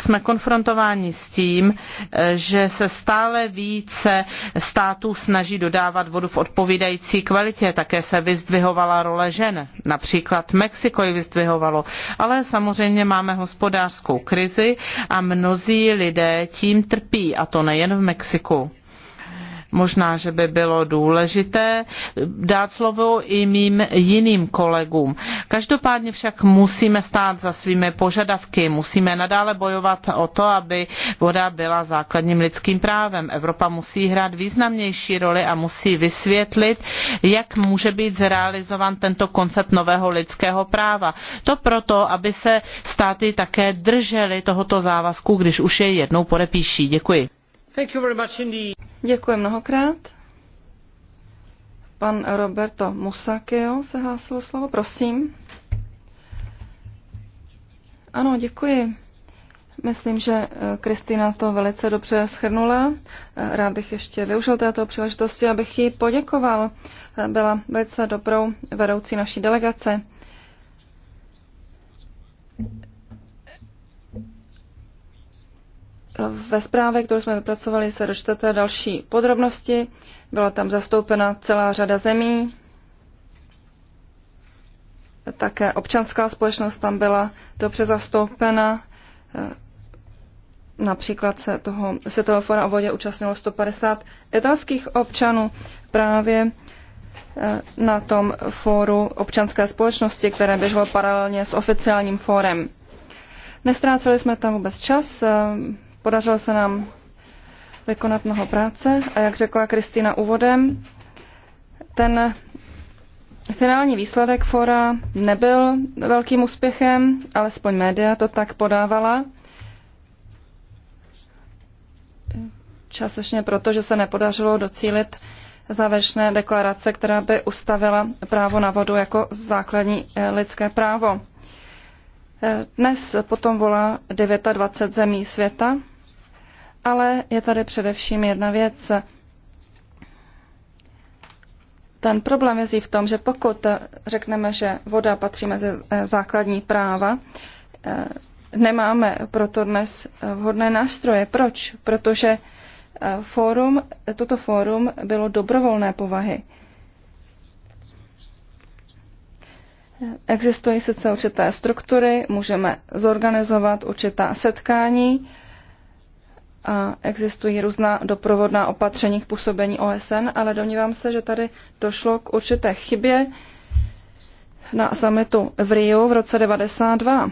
B: jsme konfrontováni s tím, eh, že se stále více států snaží dodávat vodu v odpovídající kvalitě. Také se vyzdvihovala role žen. Například Mexiko ji vyzdvihovalo. Ale samozřejmě máme hospodářskou krizi a mnozí lidé tím trpí, a to nejen v Mexiku. Možná, že by bylo důležité dát slovo i mým jiným kolegům. Každopádně však musíme stát za svými požadavky, musíme nadále bojovat o to, aby voda byla základním lidským právem. Evropa musí hrát významnější roli a musí vysvětlit, jak může být zrealizován tento koncept nového lidského práva. To proto, aby se státy také držely tohoto závazku, když už je jednou podepíší. Děkuji.
C: Děkuji mnohokrát. Pan Roberto Musakio se hlásil slovo, prosím. Ano, děkuji. Myslím, že eh, Kristýna to velice dobře schrnula. Eh, rád bych ještě využil této příležitosti, abych ji poděkoval. Eh, Byla velice dobrou vedoucí naší delegace. Ve zprávě, kterou jsme vypracovali, se dočtete další podrobnosti. Byla tam zastoupena celá řada zemí. Také občanská společnost tam byla dobře zastoupena. Eh, například se toho Světového fora o vodě účastnilo 150 italských občanů právě eh, na tom fóru občanské společnosti, které běželo paralelně s oficiálním fórem. Nestráceli jsme tam vůbec čas, eh, Podařilo se nám vykonat mnoho práce a jak řekla Kristýna úvodem, ten finální výsledek fora nebyl velkým úspěchem, alespoň média to tak podávala. Částečně proto, že se nepodařilo docílit závěrečné deklarace, která by ustavila právo na vodu jako základní eh, lidské právo. Eh, dnes potom volá 29 zemí světa ale je tady především jedna věc. Ten problém je v tom, že pokud řekneme, že voda patří mezi eh, základní práva, eh, nemáme proto dnes vhodné nástroje. Proč? Protože eh, fórum, toto fórum bylo dobrovolné povahy. Existují sice určité struktury, můžeme zorganizovat určitá setkání, a existují různá doprovodná opatření k působení OSN, ale domnívám se, že tady došlo k určité chybě na summitu v Riu v roce 92.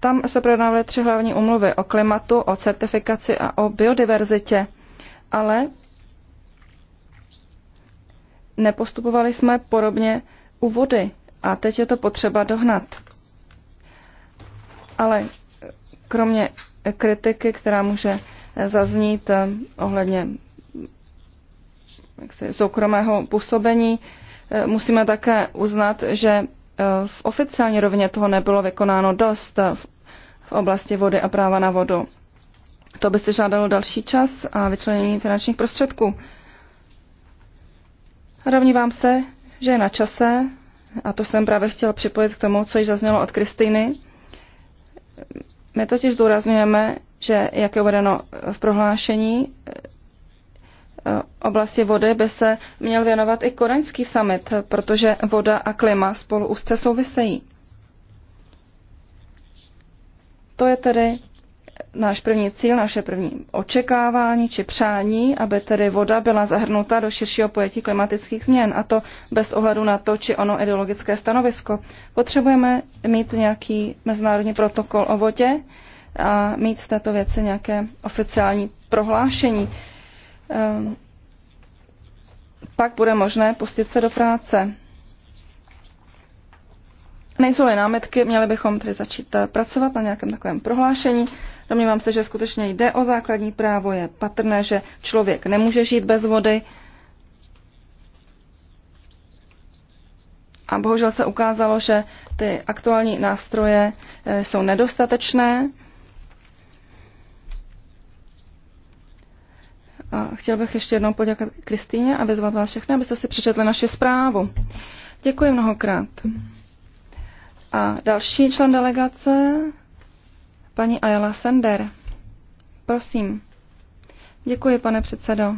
C: Tam se projednávaly tři hlavní umluvy o klimatu, o certifikaci a o biodiverzitě, ale nepostupovali jsme podobně u vody a teď je to potřeba dohnat. Ale kromě kritiky, která může zaznít eh, ohledně jaksi, soukromého působení. Eh, musíme také uznat, že eh, v oficiální rovně toho nebylo vykonáno dost v oblasti vody a práva na vodu. To by se žádalo další čas a vyčlenění finančních prostředků. Rovnívám se, že je na čase, a to jsem právě chtěla připojit k tomu, co již zaznělo od Kristýny, my totiž zdůrazňujeme, že, jak je uvedeno v prohlášení, eh, oblasti vody by se měl věnovat i koreňský summit, protože voda a klima spolu úzce souvisejí. To je tedy náš první cíl, naše první očekávání či přání, aby tedy voda byla zahrnuta do širšího pojetí klimatických změn, a to bez ohledu na to, či ono ideologické stanovisko. Potřebujeme mít nějaký mezinárodní protokol o vodě a mít v této věci nějaké oficiální prohlášení. Ehm, pak bude možné pustit se do práce. Nejsou-li námitky, měli bychom tedy začít eh, pracovat na nějakém takovém prohlášení. Domnívám se, že skutečně jde o základní právo. Je patrné, že člověk nemůže žít bez vody. A bohužel se ukázalo, že ty aktuální nástroje eh, jsou nedostatečné. A chtěl bych ještě jednou poděkat Kristýně a vyzvat vás všechny, abyste si přečetli naši zprávu. Děkuji mnohokrát. A další člen delegace, paní Ayala Sender. Prosím. Děkuji, pane předsedo.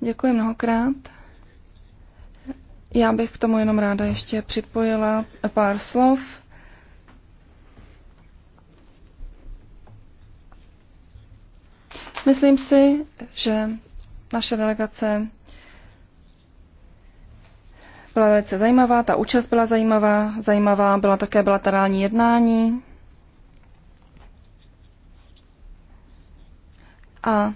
C: Děkuji mnohokrát. Já bych k tomu jenom ráda ještě připojila pár slov. Myslím si, že naše delegace byla velice zajímavá, ta účast byla zajímavá, zajímavá byla také bilaterální jednání. A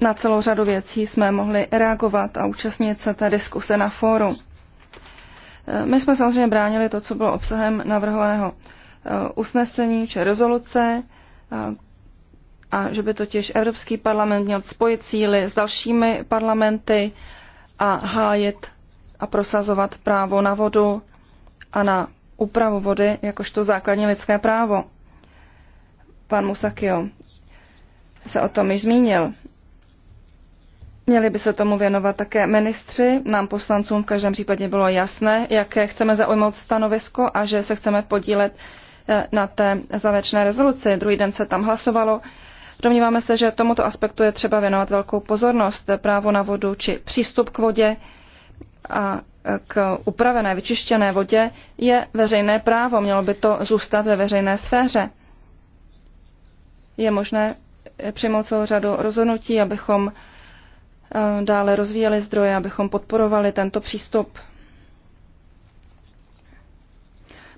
C: na celou řadu věcí jsme mohli reagovat a účastnit se té diskuse na fóru. E, my jsme samozřejmě bránili to, co bylo obsahem navrhovaného e, usnesení či rezoluce e, a že by totiž Evropský parlament měl spojit síly s dalšími parlamenty a hájit a prosazovat právo na vodu a na úpravu vody jakožto základní lidské právo. Pan Musakio se o tom již zmínil. Měli by se tomu věnovat také ministři. Nám poslancům v každém případě bylo jasné, jaké chceme zaujmout stanovisko a že se chceme podílet eh, na té závěrečné rezoluci. Druhý den se tam hlasovalo Domníváme se, že tomuto aspektu je třeba věnovat velkou pozornost právo na vodu či přístup k vodě a k upravené, vyčištěné vodě je veřejné právo. Mělo by to zůstat ve veřejné sféře. Je možné přijmout celou řadu rozhodnutí, abychom eh, dále rozvíjeli zdroje, abychom podporovali tento přístup.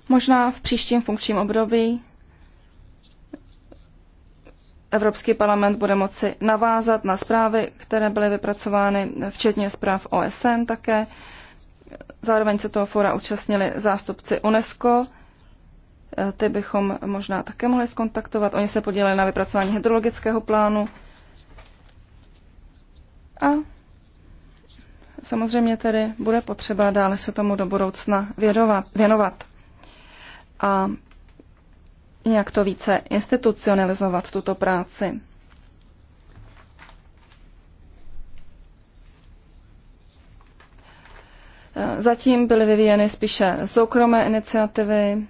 C: Možná v příštím funkčním období Evropský parlament bude moci navázat na zprávy, které byly vypracovány, včetně zpráv OSN také. Zároveň se toho fora účastnili zástupci UNESCO, e, ty bychom možná také mohli skontaktovat. Oni se podíleli na vypracování hydrologického plánu. A samozřejmě tedy bude potřeba dále se tomu do budoucna věnovat. A jak to více institucionalizovat tuto práci. Zatím byly vyvíjeny spíše soukromé iniciativy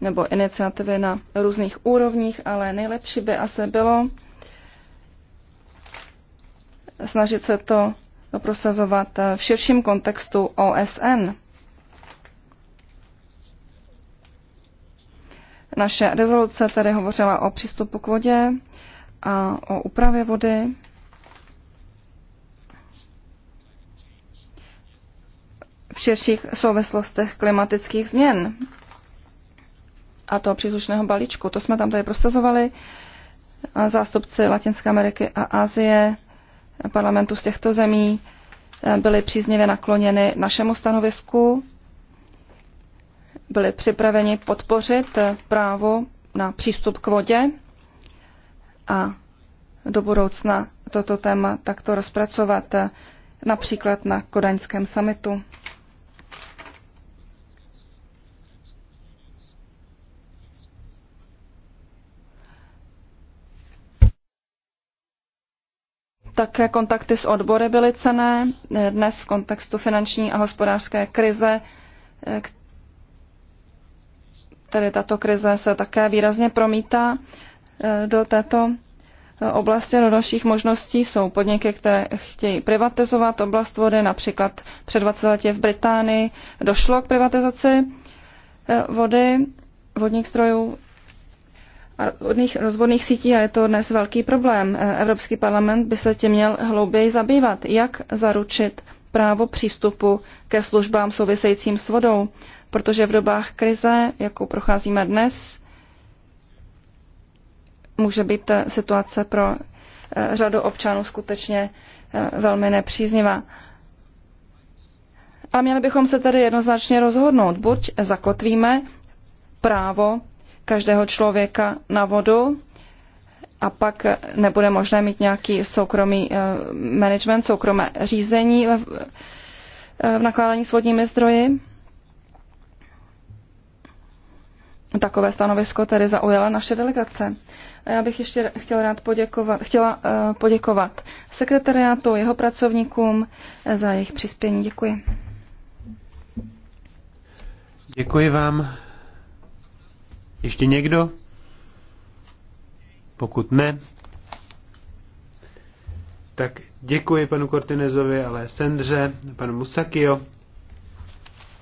C: nebo iniciativy na různých úrovních, ale nejlepší by asi bylo snažit se to prosazovat v širším kontextu OSN. Naše rezoluce tedy hovořila o přístupu k vodě a o úpravě vody. v širších souvislostech klimatických změn a toho příslušného balíčku. To jsme tam tady prosazovali. zástupci Latinské Ameriky a Asie parlamentu z těchto zemí eh, byly příznivě nakloněny našemu stanovisku byli připraveni podpořit právo na přístup k vodě a do budoucna toto téma takto rozpracovat, například na kodaňském samitu. Také kontakty s odbory byly cené. Dnes v kontextu finanční a hospodářské krize, tedy tato krize se také výrazně promítá e, do této e, oblasti. Do dalších možností jsou podniky, které chtějí privatizovat oblast vody. Například před 20 lety v Británii došlo k privatizaci e, vody, vodních strojů a vodných rozvodných sítí a je to dnes velký problém. Evropský parlament by se tím měl hlouběji zabývat. Jak zaručit právo přístupu ke službám souvisejícím s vodou? protože v dobách krize, jakou procházíme dnes, může být eh, situace pro eh, řadu občanů skutečně eh, velmi nepříznivá. A měli bychom se tedy jednoznačně rozhodnout. Buď zakotvíme právo každého člověka na vodu a pak nebude možné mít nějaký soukromý management, soukromé řízení v nakládání s vodními zdroji, takové stanovisko tedy zaujala naše delegace. Já bych ještě chtěla, rád poděkovat, chtěla eh, poděkovat sekretariátu, jeho pracovníkům za jejich přispění. Děkuji.
A: Děkuji vám. Ještě někdo? Pokud ne, tak děkuji panu Kortinezovi, ale Sendře, panu Musakio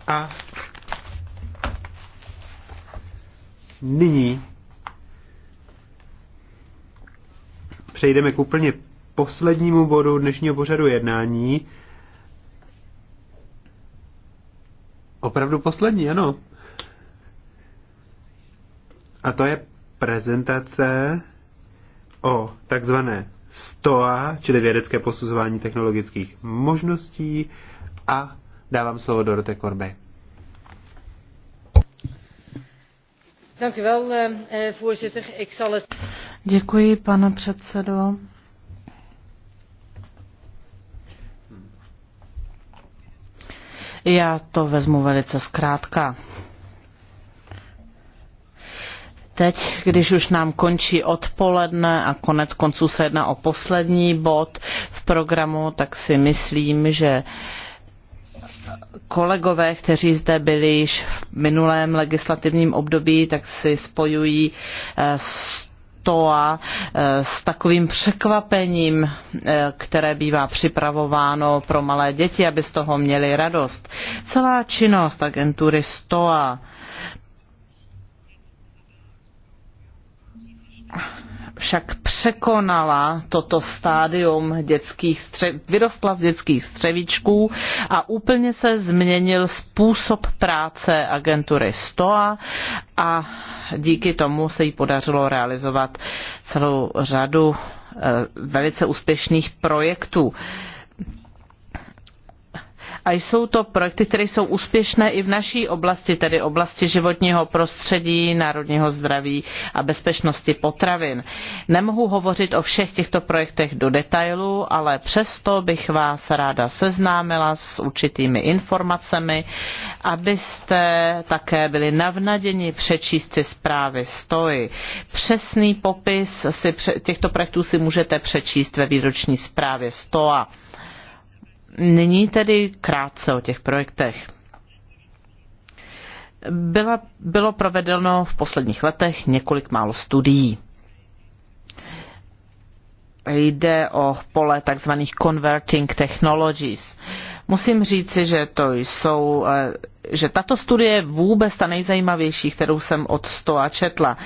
A: a Nyní přejdeme k úplně poslednímu bodu dnešního pořadu jednání. Opravdu poslední, ano. A to je prezentace o takzvané STOA, čili vědecké posuzování technologických možností a dávám slovo Dorote Korbe.
B: Eh, eh, Děkuji, pane het Já to vezmu velice zkrátka. Teď, když už nám končí odpoledne a konec konců se jedná o poslední bod v programu, tak si myslím, že kolegové, kteří zde byli již v minulém legislativním období, tak si spojují s eh, Stoa eh, s takovým překvapením, eh, které bývá připravováno pro malé děti, aby z toho měli radost. Celá činnost agentury Stoa však překonala toto stádium dětských střev, vyrostla z dětských střevičků a úplně se změnil způsob práce agentury STOA a díky tomu se jí podařilo realizovat celou řadu eh, velice úspěšných projektů a jsou to projekty, které jsou úspěšné i v naší oblasti, tedy oblasti životního prostředí, národního zdraví a bezpečnosti potravin. Nemohu hovořit o všech těchto projektech do detailu, ale přesto bych vás ráda seznámila s určitými informacemi, abyste také byli navnaděni přečíst si zprávy STOI. Přesný popis si, těchto projektů si můžete přečíst ve výroční zprávě STOA. Nyní tedy krátce o těch projektech. Byla, bylo provedeno v posledních letech několik málo studií. Jde o pole tzv. converting technologies. Uh, Musím říci, že to jsou eh, že tato studie je vůbec ta nejzajímavější, kterou jsem od stoa četla.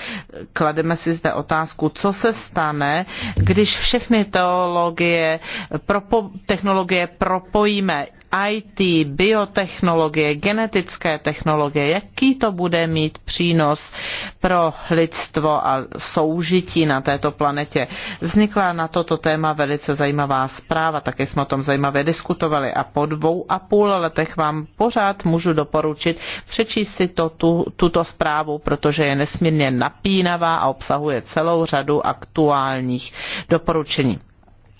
B: Klademe si zde otázku, co se stane, když všechny teologie, propo, technologie propojíme IT, biotechnologie, genetické technologie, jaký to bude mít přínos pro lidstvo a soužití na této planetě. Vznikla na toto téma velice zajímavá zpráva, také jsme o tom zajímavě diskutovali a pod dvou a půl letech vám pořád můžu doporučit přečíst si to, tu, tuto zprávu, protože je nesmírně napínavá a obsahuje celou řadu aktuálních doporučení.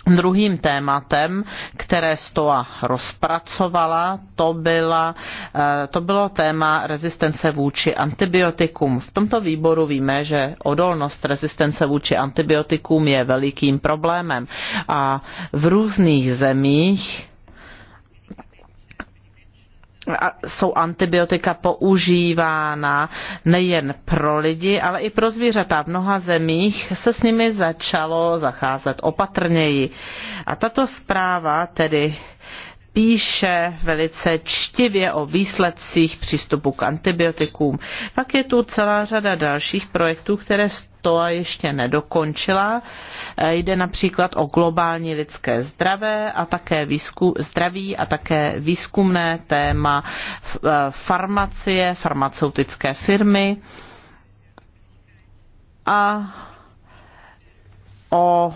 B: Druhým tématem, které STOA rozpracovala, to, byla, eh, to bylo téma rezistence vůči antibiotikům. V tomto výboru víme, že odolnost rezistence vůči antibiotikům je velikým problémem a v různých zemích jsou antibiotika používána nejen pro lidi, ale i pro zvířata. V mnoha zemích se s nimi začalo zacházet opatrněji. A tato zpráva tedy píše velice čtivě o výsledcích přístupu k antibiotikům. Pak je tu celá řada dalších projektů, které STOA ještě nedokončila. E, jde například o globální lidské zdravé a také výzku, zdraví a také výzkumné téma e, farmacie, farmaceutické firmy a o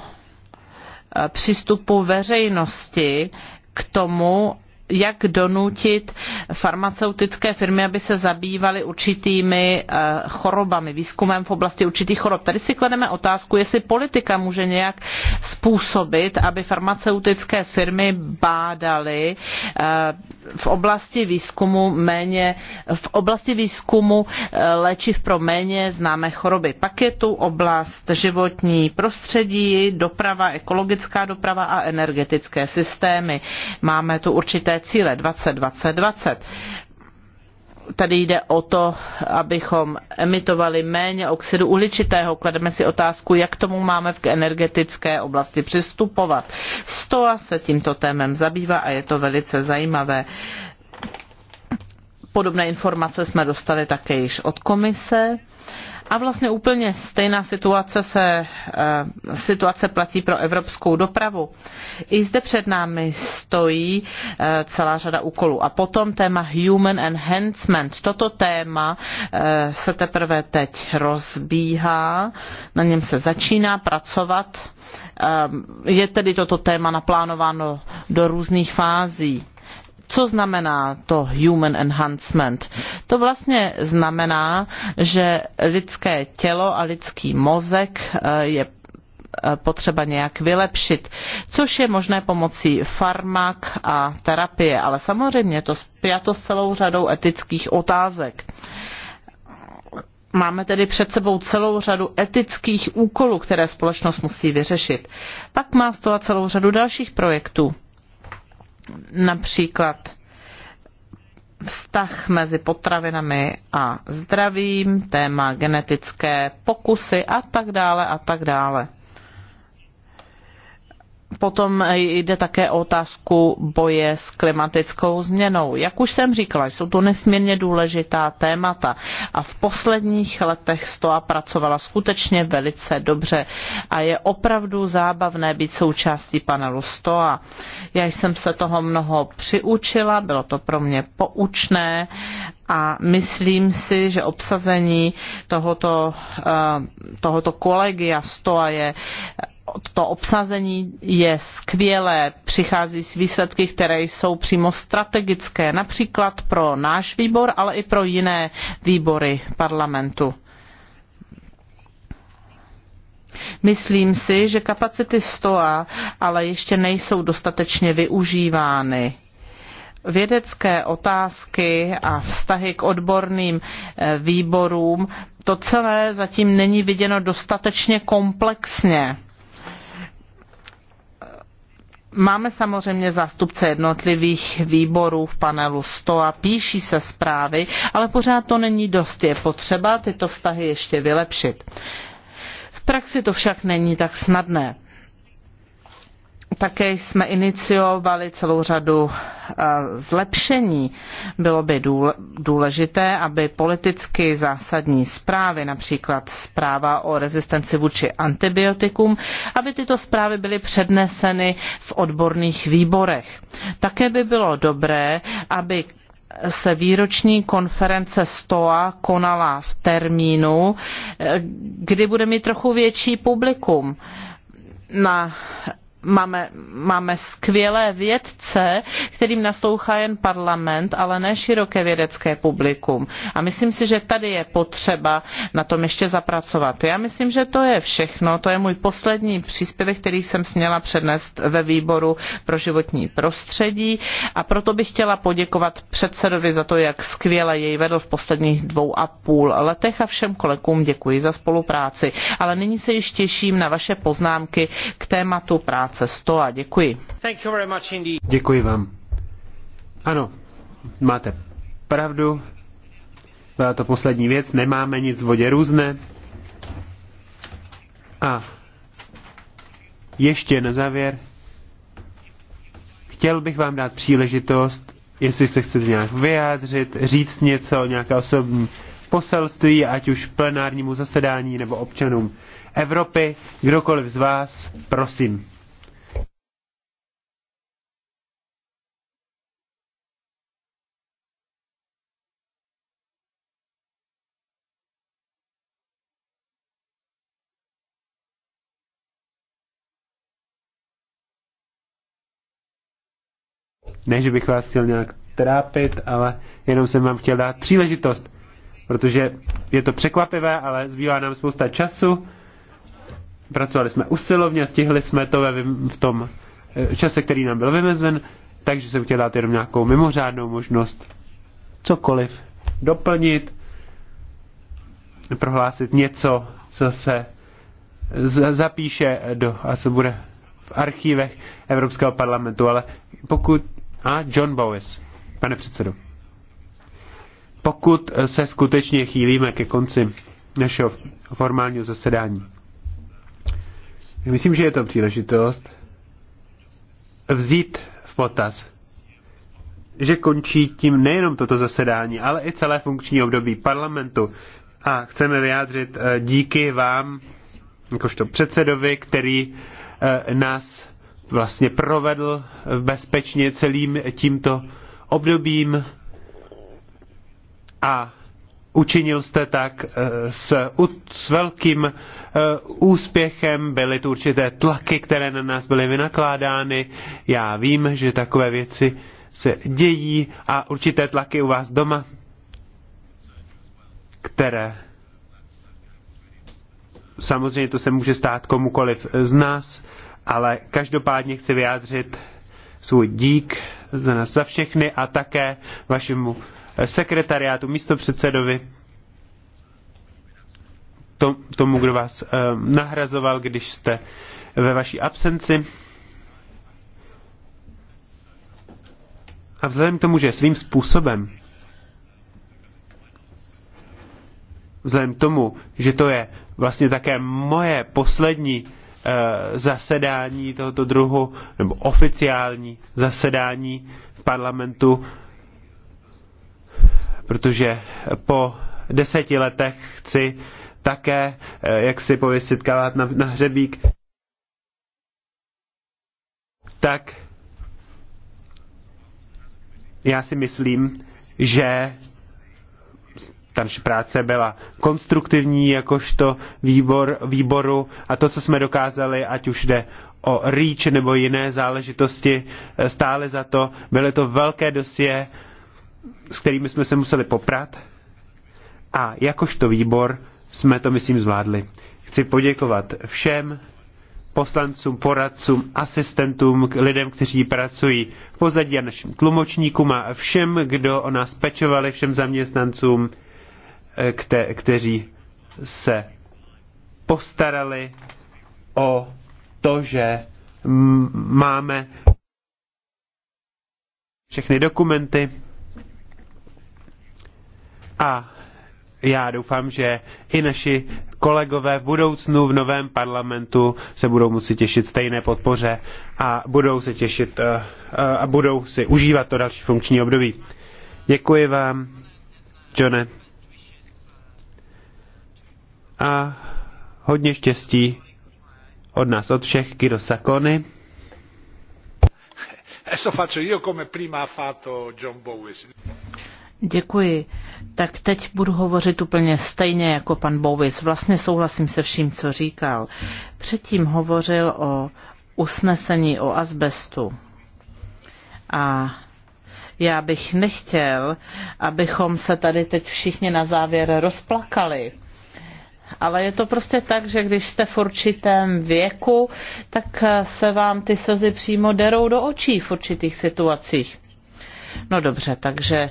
B: e, přístupu veřejnosti k tomu, jak donutit farmaceutické firmy, aby se zabývaly určitými eh, chorobami, výzkumem v oblasti určitých chorob. Tady si klademe otázku, jestli politika může nějak způsobit, aby farmaceutické firmy bádaly eh, v oblasti výzkumu méně, v oblasti výzkumu eh, léčiv pro méně známé choroby. Pak je tu oblast životní prostředí, doprava, ekologická doprava a energetické systémy. Máme tu určité cíle 20, 20, 20 tady jde o to, abychom emitovali méně oxidu uhličitého. Klademe si otázku, jak tomu máme v energetické oblasti přistupovat. STOA se tímto témem zabývá a je to velice zajímavé. Podobné informace jsme dostali také již od komise. Uh, a vlastně úplně stejná situace se eh, situace platí pro evropskou dopravu. I zde před námi stojí eh, celá řada úkolů. A potom téma human enhancement. Toto téma eh, se teprve teď rozbíhá, na něm se začíná pracovat. Je tedy toto téma naplánováno do různých fází co znamená to human enhancement? To vlastně znamená, že lidské tělo a lidský mozek eh, je eh, potřeba nějak vylepšit, což je možné pomocí farmak a terapie, ale samozřejmě to spjato s celou řadou etických otázek. Máme tedy před sebou celou řadu etických úkolů, které společnost musí vyřešit. Pak má toho celou řadu dalších projektů. Například vztah mezi potravinami a zdravím, téma genetické pokusy a tak dále a tak dále. Potom jde také o otázku boje s klimatickou změnou. Jak už jsem říkala, jsou to nesmírně důležitá témata a v posledních letech STOA pracovala skutečně velice dobře a je opravdu zábavné být součástí panelu STOA. Já jsem se toho mnoho přiučila, bylo to pro mě poučné a myslím si, že obsazení tohoto, eh, tohoto kolegia STOA je to obsazení je skvělé, přichází s výsledky, které jsou přímo strategické, například pro náš výbor, ale i pro jiné výbory parlamentu. Myslím si, že kapacity STOA ale ještě nejsou dostatečně využívány. Vědecké otázky a vztahy k odborným eh, výborům, to celé zatím není viděno dostatečně komplexně Máme samozřejmě zástupce jednotlivých výborů v panelu 100 a píší se zprávy, ale pořád to není dost. Je potřeba tyto vztahy ještě vylepšit. V praxi to však není tak snadné. Také jsme iniciovali celou řadu eh, zlepšení. Bylo by důležité, aby politicky zásadní zprávy, například zpráva o rezistenci vůči antibiotikům, aby tyto zprávy byly předneseny v odborných výborech. Také by bylo dobré, aby se výroční konference STOA konala v termínu, eh, kdy bude mít trochu větší publikum. Na máme, máme skvělé vědce, kterým naslouchá jen parlament, ale ne široké vědecké publikum. A myslím si, že tady je potřeba na tom ještě zapracovat. Já myslím, že to je všechno. To je můj poslední příspěvek, který jsem směla přednést ve výboru pro životní prostředí. A proto bych chtěla poděkovat předsedovi za to, jak skvěle jej vedl v posledních dvou a půl letech a všem kolegům děkuji za spolupráci. Ale nyní se již těším na vaše poznámky k tématu práce cesto a Děkuji. Děkuji
A: vám. Ano, máte pravdu. Byla to poslední věc. Nemáme nic v vodě různé. A ještě na závěr. Chtěl bych vám dát příležitost, jestli se chcete nějak vyjádřit, říct něco, nějaké osobní poselství, ať už plenárnímu zasedání nebo občanům Evropy, kdokoliv z vás, prosím. Ne, že bych vás chtěl nějak trápit, ale jenom jsem vám chtěl dát příležitost, protože je to překvapivé, ale zbývá nám spousta času. Pracovali jsme usilovně, stihli jsme to ve, v tom eh, čase, který nám byl vymezen, takže jsem chtěl dát jenom nějakou mimořádnou možnost cokoliv doplnit, prohlásit něco, co se zapíše do a co bude v archívech Evropského parlamentu, ale pokud a John Bowes, pane předsedo. Pokud se skutečně chýlíme ke konci našeho formálního zasedání, myslím, že je to příležitost vzít v potaz, že končí tím nejenom toto zasedání, ale i celé funkční období parlamentu. A chceme vyjádřit eh, díky vám, jakožto předsedovi, který eh, nás vlastně provedl bezpečně celým tímto obdobím a učinil jste tak eh, s, s velkým eh, úspěchem, byly tu určité tlaky, které na nás byly vynakládány. Já vím, že takové věci se dějí a určité tlaky u vás doma, které samozřejmě to se může stát komukoliv z nás, ale každopádně chci vyjádřit svůj dík za nás za všechny a také vašemu sekretariátu, místopředsedovi, tomu, kdo vás eh, nahrazoval, když jste ve vaší absenci. A vzhledem k tomu, že svým způsobem, vzhledem k tomu, že to je vlastně také moje poslední Eh, zasedání tohoto druhu, nebo oficiální zasedání v parlamentu, protože po deseti letech chci také, eh, jak si pověsit kalát na, na hřebík, tak já si myslím, že ta naše práce byla konstruktivní jakožto výbor, výboru a to, co jsme dokázali, ať už jde o REACH nebo jiné záležitosti, eh, stále za to. Byly to velké dosie, s kterými jsme se museli poprat a jakožto výbor jsme to, myslím, zvládli. Chci poděkovat všem poslancům, poradcům, asistentům, lidem, kteří pracují v pozadí a našim tlumočníkům a všem, kdo o nás pečovali, všem zaměstnancům kte, kteří se postarali o to, že máme všechny dokumenty a já doufám, že i naši kolegové v budoucnu v novém parlamentu se budou muset těšit stejné podpoře a budou se těšit eh, eh, a budou si užívat to další funkční období. Děkuji vám, Johne a hodně štěstí od nás, od
B: všech, Kiro Sakony. Děkuji. Tak teď budu hovořit úplně stejně jako pan Bowis. Vlastně souhlasím se vším, co říkal. Předtím hovořil o usnesení o asbestu. A já bych nechtěl, abychom se tady teď všichni na závěr rozplakali ale je to prostě tak, že když jste v určitém věku, tak eh, se vám ty slzy přímo derou do očí v určitých situacích. No dobře, takže eh,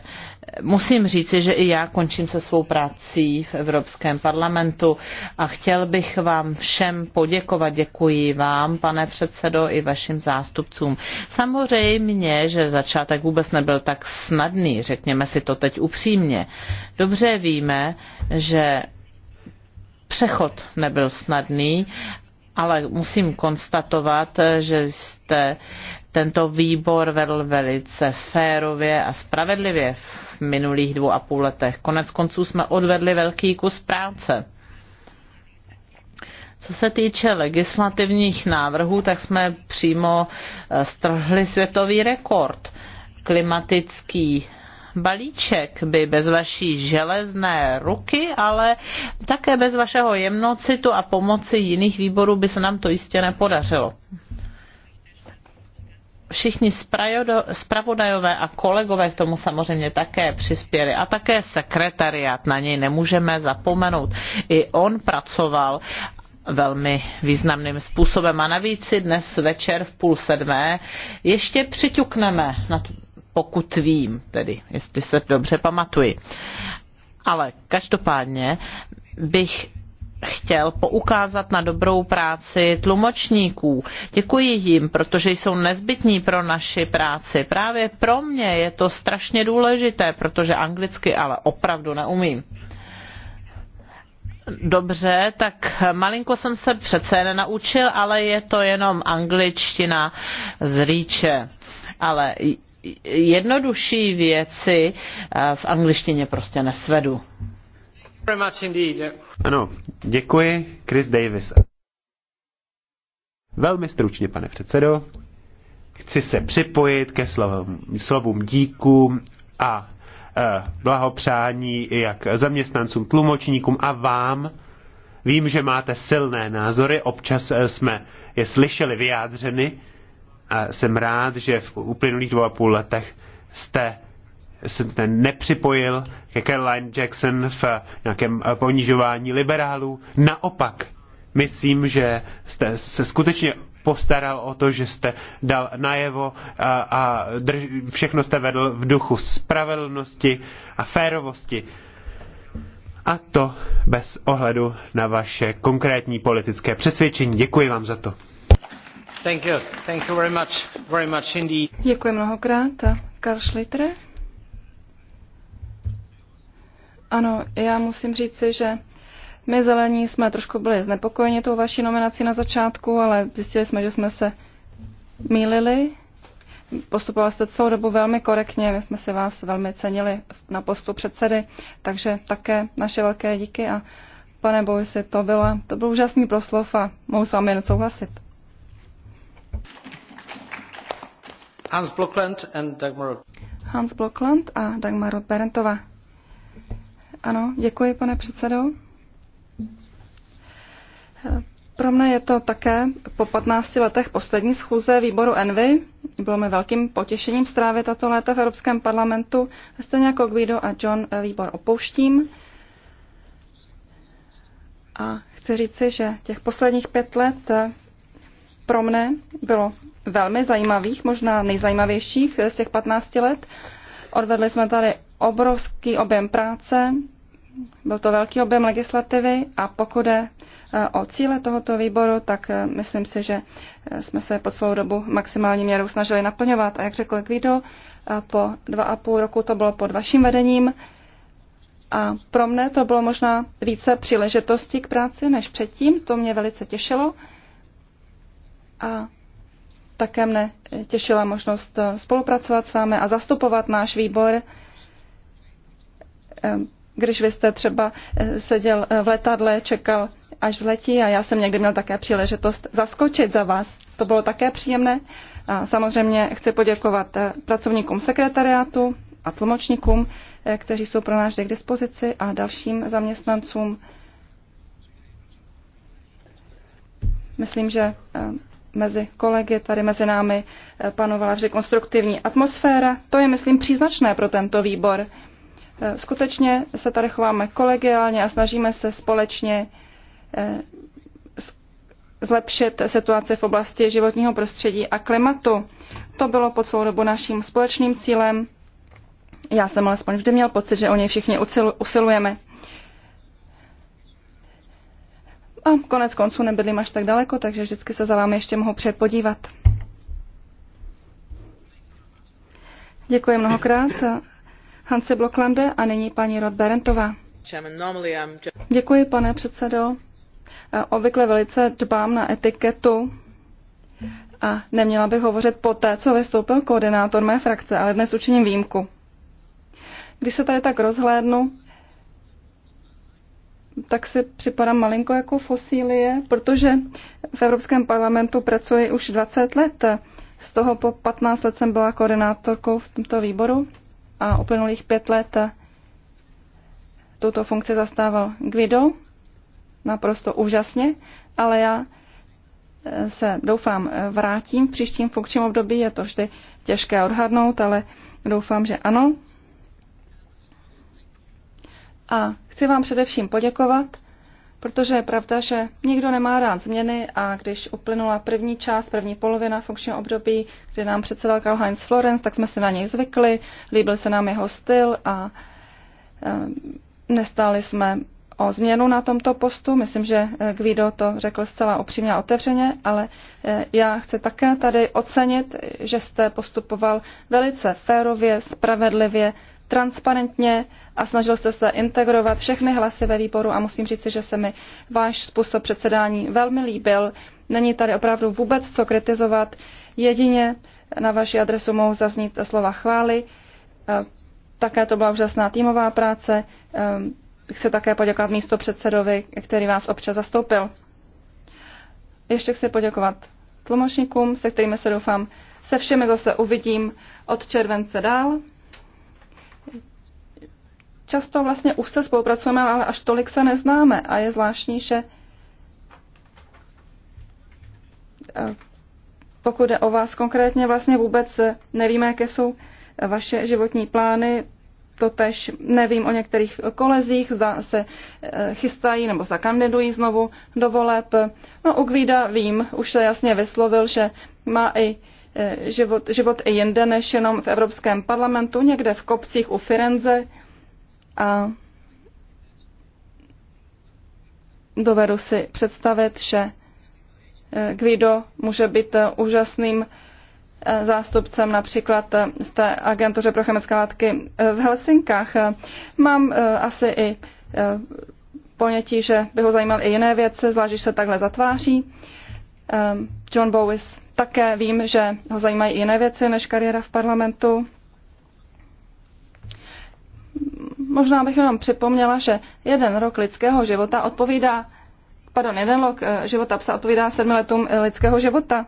B: musím říci, že i já končím se svou prací v Evropském parlamentu a chtěl bych vám všem poděkovat. Děkuji vám, pane předsedo, i vašim zástupcům. Samozřejmě, že začátek vůbec nebyl tak snadný, řekněme si to teď upřímně. Dobře víme, že přechod nebyl snadný, ale musím konstatovat, že jste tento výbor vedl velice férově a spravedlivě v minulých dvou a půl letech. Konec konců jsme odvedli velký kus práce. Co se týče legislativních návrhů, tak jsme přímo eh, strhli světový rekord. Klimatický balíček by bez vaší železné ruky, ale také bez vašeho jemnocitu a pomoci jiných výborů by se nám to jistě nepodařilo všichni zpravodajové a kolegové k tomu samozřejmě také přispěli a také sekretariát, na něj nemůžeme zapomenout. I on pracoval velmi významným způsobem. A navíc si dnes večer v půl sedmé ještě přiťukneme na tu pokud vím, tedy jestli se dobře pamatuji. Ale každopádně bych chtěl poukázat na dobrou práci tlumočníků. Děkuji jim, protože jsou nezbytní pro naši práci. Právě pro mě je to strašně důležité, protože anglicky ale opravdu neumím. Dobře, tak malinko jsem se přece nenaučil, ale je to jenom angličtina z rýče. Ale jednodušší věci eh, v angličtině prostě nesvedu.
A: Ano, děkuji, Chris Davis. Velmi stručně, pane předsedo. Chci se připojit ke slovům, slovům díku a e, blahopřání jak zaměstnancům, tlumočníkům a vám. Vím, že máte silné názory, občas eh, jsme je slyšeli vyjádřeny a jsem rád, že v uplynulých dvou a půl letech jste se nepřipojil ke Caroline Jackson v nějakém eh, ponižování liberálů. Naopak, myslím, že jste se skutečně postaral o to, že jste dal najevo a, a drž, všechno jste vedl v duchu spravedlnosti a férovosti. A to bez ohledu na vaše konkrétní politické přesvědčení. Děkuji vám za to.
C: Děkuji mnohokrát. Karl Schlitter. Ano, já musím říct, že my zelení jsme trošku byli znepokojeni tou vaší nominací na začátku, ale zjistili jsme, že jsme se mýlili. Postupovala jste celou dobu velmi korektně, my jsme si vás velmi cenili na postu předsedy, takže také naše velké díky a pane Bojsi, to, byla, to byl úžasný proslov a mohu s vámi jen souhlasit.
B: Hans Blokland, and Dagmar...
C: Hans Blokland a Dagmar Berentová. Ano, děkuji, pane předsedo. Pro mne je to také po 15 letech poslední schůze výboru Envy. Bylo mi velkým potěšením strávit tato léta v Evropském parlamentu. Stejně jako Guido a John eh, výbor opouštím. A chci říci, že těch posledních pět let eh, pro mne bylo velmi zajímavých, možná nejzajímavějších z těch 15 let. Odvedli jsme tady obrovský objem práce, byl to velký objem legislativy a pokud je eh, o cíle tohoto výboru, tak eh, myslím si, že eh, jsme se po celou dobu maximální měrou snažili naplňovat. A jak řekl Kvido, po dva a půl roku to bylo pod vaším vedením. A pro mne to bylo možná více příležitosti k práci než předtím, to mě velice těšilo a také mne těšila možnost eh, spolupracovat s vámi a zastupovat náš výbor, když vy jste třeba eh, seděl eh, v letadle, čekal až vzletí a já jsem někdy měl také příležitost zaskočit za vás. To bylo také příjemné. A samozřejmě chci poděkovat pracovníkům sekretariátu a tlumočníkům, kteří jsou pro nás k dispozici a dalším zaměstnancům. Myslím, že mezi kolegy tady mezi námi eh, panovala vždy konstruktivní atmosféra. To je, myslím, příznačné pro tento výbor. Eh, skutečně se tady chováme kolegiálně a snažíme se společně eh, zlepšit situaci v oblasti životního prostředí a klimatu. To bylo po celou dobu naším společným cílem. Já jsem alespoň vždy měl pocit, že o něj všichni usilujeme. A konec konců nebyli až tak daleko, takže vždycky se za vámi ještě mohu přepodívat. Děkuji mnohokrát. Hanse Bloklande a nyní paní Rod Berentová. Děkuji, pane předsedo. Obvykle velice dbám na etiketu a neměla bych hovořit po té, co vystoupil koordinátor mé frakce, ale dnes učiním výjimku. Když se tady tak rozhlédnu, tak si připadám malinko jako fosílie, protože v Evropském parlamentu pracuji už 20 let. Z toho po 15 let jsem byla koordinátorkou v tomto výboru a uplynulých pět let tuto funkci zastával Guido, naprosto úžasně, ale já se doufám vrátím v příštím funkčním období, je to vždy těžké odhadnout, ale doufám, že ano. A Chci vám především poděkovat, protože je pravda, že nikdo nemá rád změny a když uplynula první část, první polovina funkčního období, kdy nám předsedal Karl Heinz Florence, tak jsme se na něj zvykli, líbil se nám jeho styl a e, nestáli jsme o změnu na tomto postu. Myslím, že eh, Guido to řekl zcela upřímně a otevřeně, ale eh, já chci také tady ocenit, že jste postupoval velice férově, spravedlivě, transparentně a snažil jste se integrovat všechny hlasy ve výboru a musím říci, že se mi váš způsob předsedání velmi líbil. Není tady opravdu vůbec co kritizovat, jedině na vaši adresu mohou zaznít slova chvály. Eh, také to byla úžasná týmová práce. Eh, chci také poděkovat místo předsedovi, který vás občas zastoupil. Ještě chci poděkovat tlumočníkům, se kterými se doufám se všemi zase uvidím od července dál často vlastně úzce spolupracujeme, ale až tolik se neznáme. A je zvláštní, že eh, pokud jde o vás konkrétně, vlastně vůbec eh, nevíme, jaké jsou eh, vaše životní plány. Totež nevím o některých kolezích, zda se chystají nebo zda kandidují znovu do voleb. No, u Gvída vím, už se jasně vyslovil, že má i život, život i jinde, než jenom v Evropském parlamentu, někde v kopcích u Firenze a dovedu si představit, že eh, Guido může být eh, úžasným eh, zástupcem například v té agentuře pro chemické látky v Helsinkách. Mám asi i ponětí, že by ho zajímal i jiné věci, zvlášť, když se takhle zatváří. John Bowis také vím, že ho zajímají i jiné věci než kariéra v parlamentu. Možná bych jenom připomněla, že jeden rok lidského života odpovídá, pardon, jeden rok eh, života psa odpovídá sedmi letům eh, lidského života.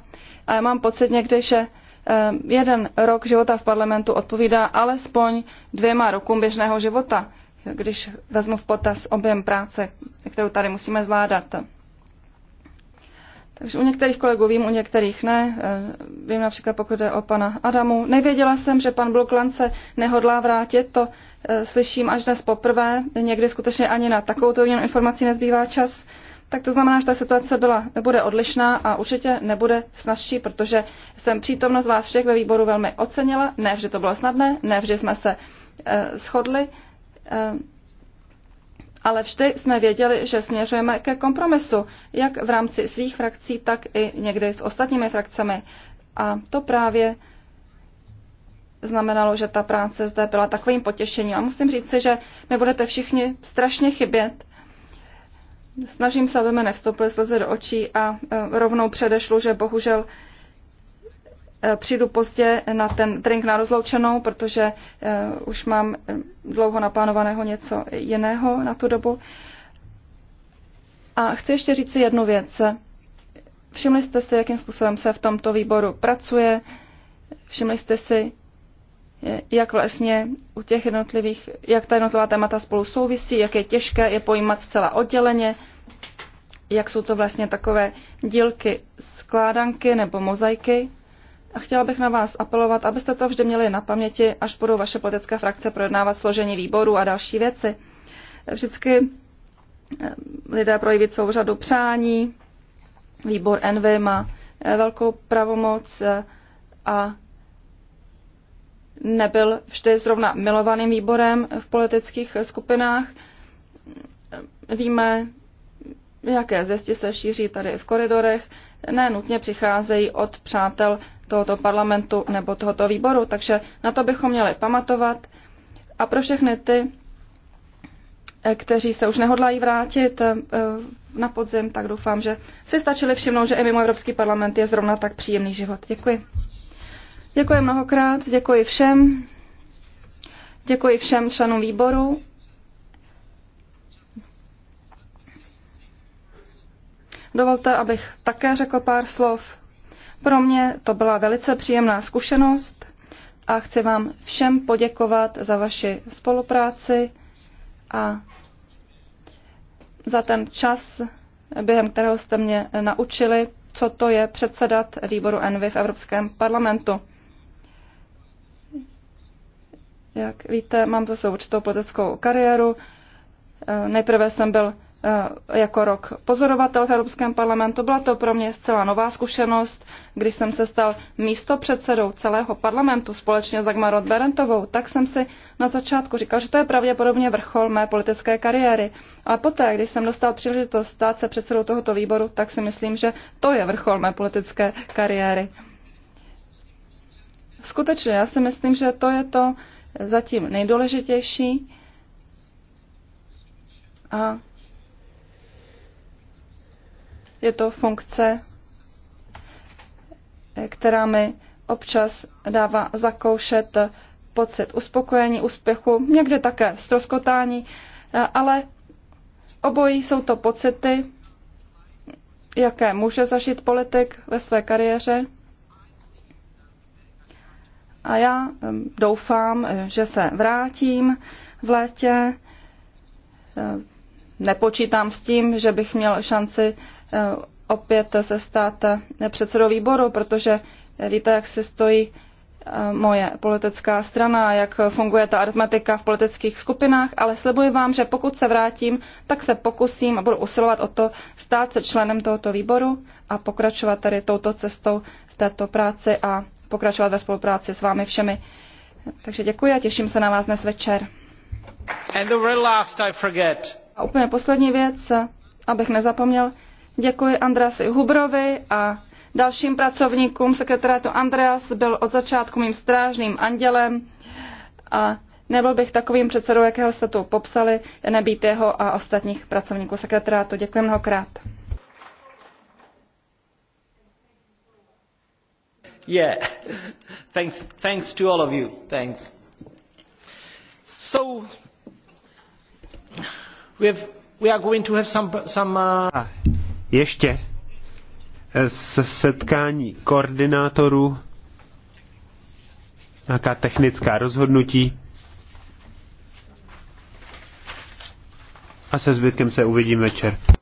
C: A já mám pocit někdy, že eh, jeden rok života v parlamentu odpovídá alespoň dvěma rokům běžného života, když vezmu v potaz objem práce, kterou tady musíme zvládat. Takže u některých kolegů vím, u některých ne. Eh, vím například, pokud jde o pana Adamu. Nevěděla jsem, že pan Blokland se nehodlá vrátit, to eh, slyším až dnes poprvé. Někdy skutečně ani na takovou jinou informaci nezbývá čas. Tak to znamená, že ta situace byla, bude odlišná a určitě nebude snažší, protože jsem přítomnost vás všech ve výboru velmi ocenila. Ne že to bylo snadné, ne že jsme se eh, shodli. Eh, ale vždy jsme věděli, že směřujeme ke kompromisu, jak v rámci svých frakcí, tak i někdy s ostatními frakcemi. A to právě znamenalo, že ta práce zde byla takovým potěšením. A musím říct si, že mi budete všichni strašně chybět. Snažím se, aby mi nevstoupily slzy do očí a e, rovnou předešlu, že bohužel Eh, přijdu pozdě na ten drink na rozloučenou, protože eh, už mám eh, dlouho naplánovaného něco jiného na tu dobu. A chci ještě říct si jednu věc. Všimli jste si, jakým způsobem se v tomto výboru pracuje, všimli jste si, jak vlastně u těch jednotlivých, jak ta jednotlivá témata spolu souvisí, jak je těžké je pojímat zcela odděleně, jak jsou to vlastně takové dílky skládanky nebo mozaiky. A chtěla bych na vás apelovat, abyste to vždy měli na paměti, až budou vaše politické frakce projednávat složení výboru a další věci. Vždycky eh, lidé projeví celou řadu přání, výbor NV má eh, velkou pravomoc eh, a nebyl vždy zrovna milovaným výborem v politických skupinách. Víme, jaké zjistí se šíří tady v koridorech, ne nutně přicházejí od přátel tohoto parlamentu nebo tohoto výboru. Takže na to bychom měli pamatovat. A pro všechny ty, eh, kteří se už nehodlají vrátit eh, na podzim, tak doufám, že si stačili všimnout, že i mimo Evropský parlament je zrovna tak příjemný život. Děkuji. Děkuji mnohokrát, děkuji všem. Děkuji všem členům výboru. Dovolte, abych také řekl pár slov pro mě to byla velice příjemná zkušenost a chci vám všem poděkovat za vaši spolupráci a za ten čas, během kterého jste mě naučili, co to je předsedat výboru ENVY v Evropském parlamentu. Jak víte, mám zase určitou politickou kariéru. Nejprve jsem byl Eh, jako rok pozorovatel v Evropském parlamentu. Byla to pro mě zcela nová zkušenost, když jsem se stal místopředsedou celého parlamentu společně s Dagmarot Berentovou, tak jsem si na začátku říkal, že to je pravděpodobně vrchol mé politické kariéry. A poté, když jsem dostal příležitost stát se předsedou tohoto výboru, tak si myslím, že to je vrchol mé politické kariéry. Skutečně, já si myslím, že to je to zatím nejdůležitější. A je to funkce, která mi občas dává zakoušet pocit uspokojení, úspěchu, někde také stroskotání, ale obojí jsou to pocity, jaké může zažít politik ve své kariéře. A já doufám, že se vrátím v létě. Nepočítám s tím, že bych měl šanci Eh, opět se stát eh, předsedou výboru, protože eh, víte, jak se stojí moje politická strana, jak funguje ta aritmetika v politických skupinách, ale slibuji vám, že pokud se vrátím, tak se pokusím a budu usilovat o to stát se členem tohoto výboru a pokračovat tady touto cestou v této práci a pokračovat ve spolupráci s vámi všemi. Takže děkuji a těším se na vás dnes večer.
B: And the last I forget.
C: A úplně poslední věc, abych nezapomněl, Děkuji Andreasi Hubrovi a dalším pracovníkům sekretariátu Andreas byl od začátku mým strážným andělem a nebyl bych takovým předsedou, jakého jste tu popsali, nebýt jeho a ostatních pracovníků sekretariátu. Děkuji mnohokrát.
B: Yeah. Thanks, thanks to all of you. Thanks. So, we, have, we are going to have some, some uh... Ah
A: ještě z eh, setkání koordinátorů, nějaká technická rozhodnutí a se zbytkem se
C: uvidím večer.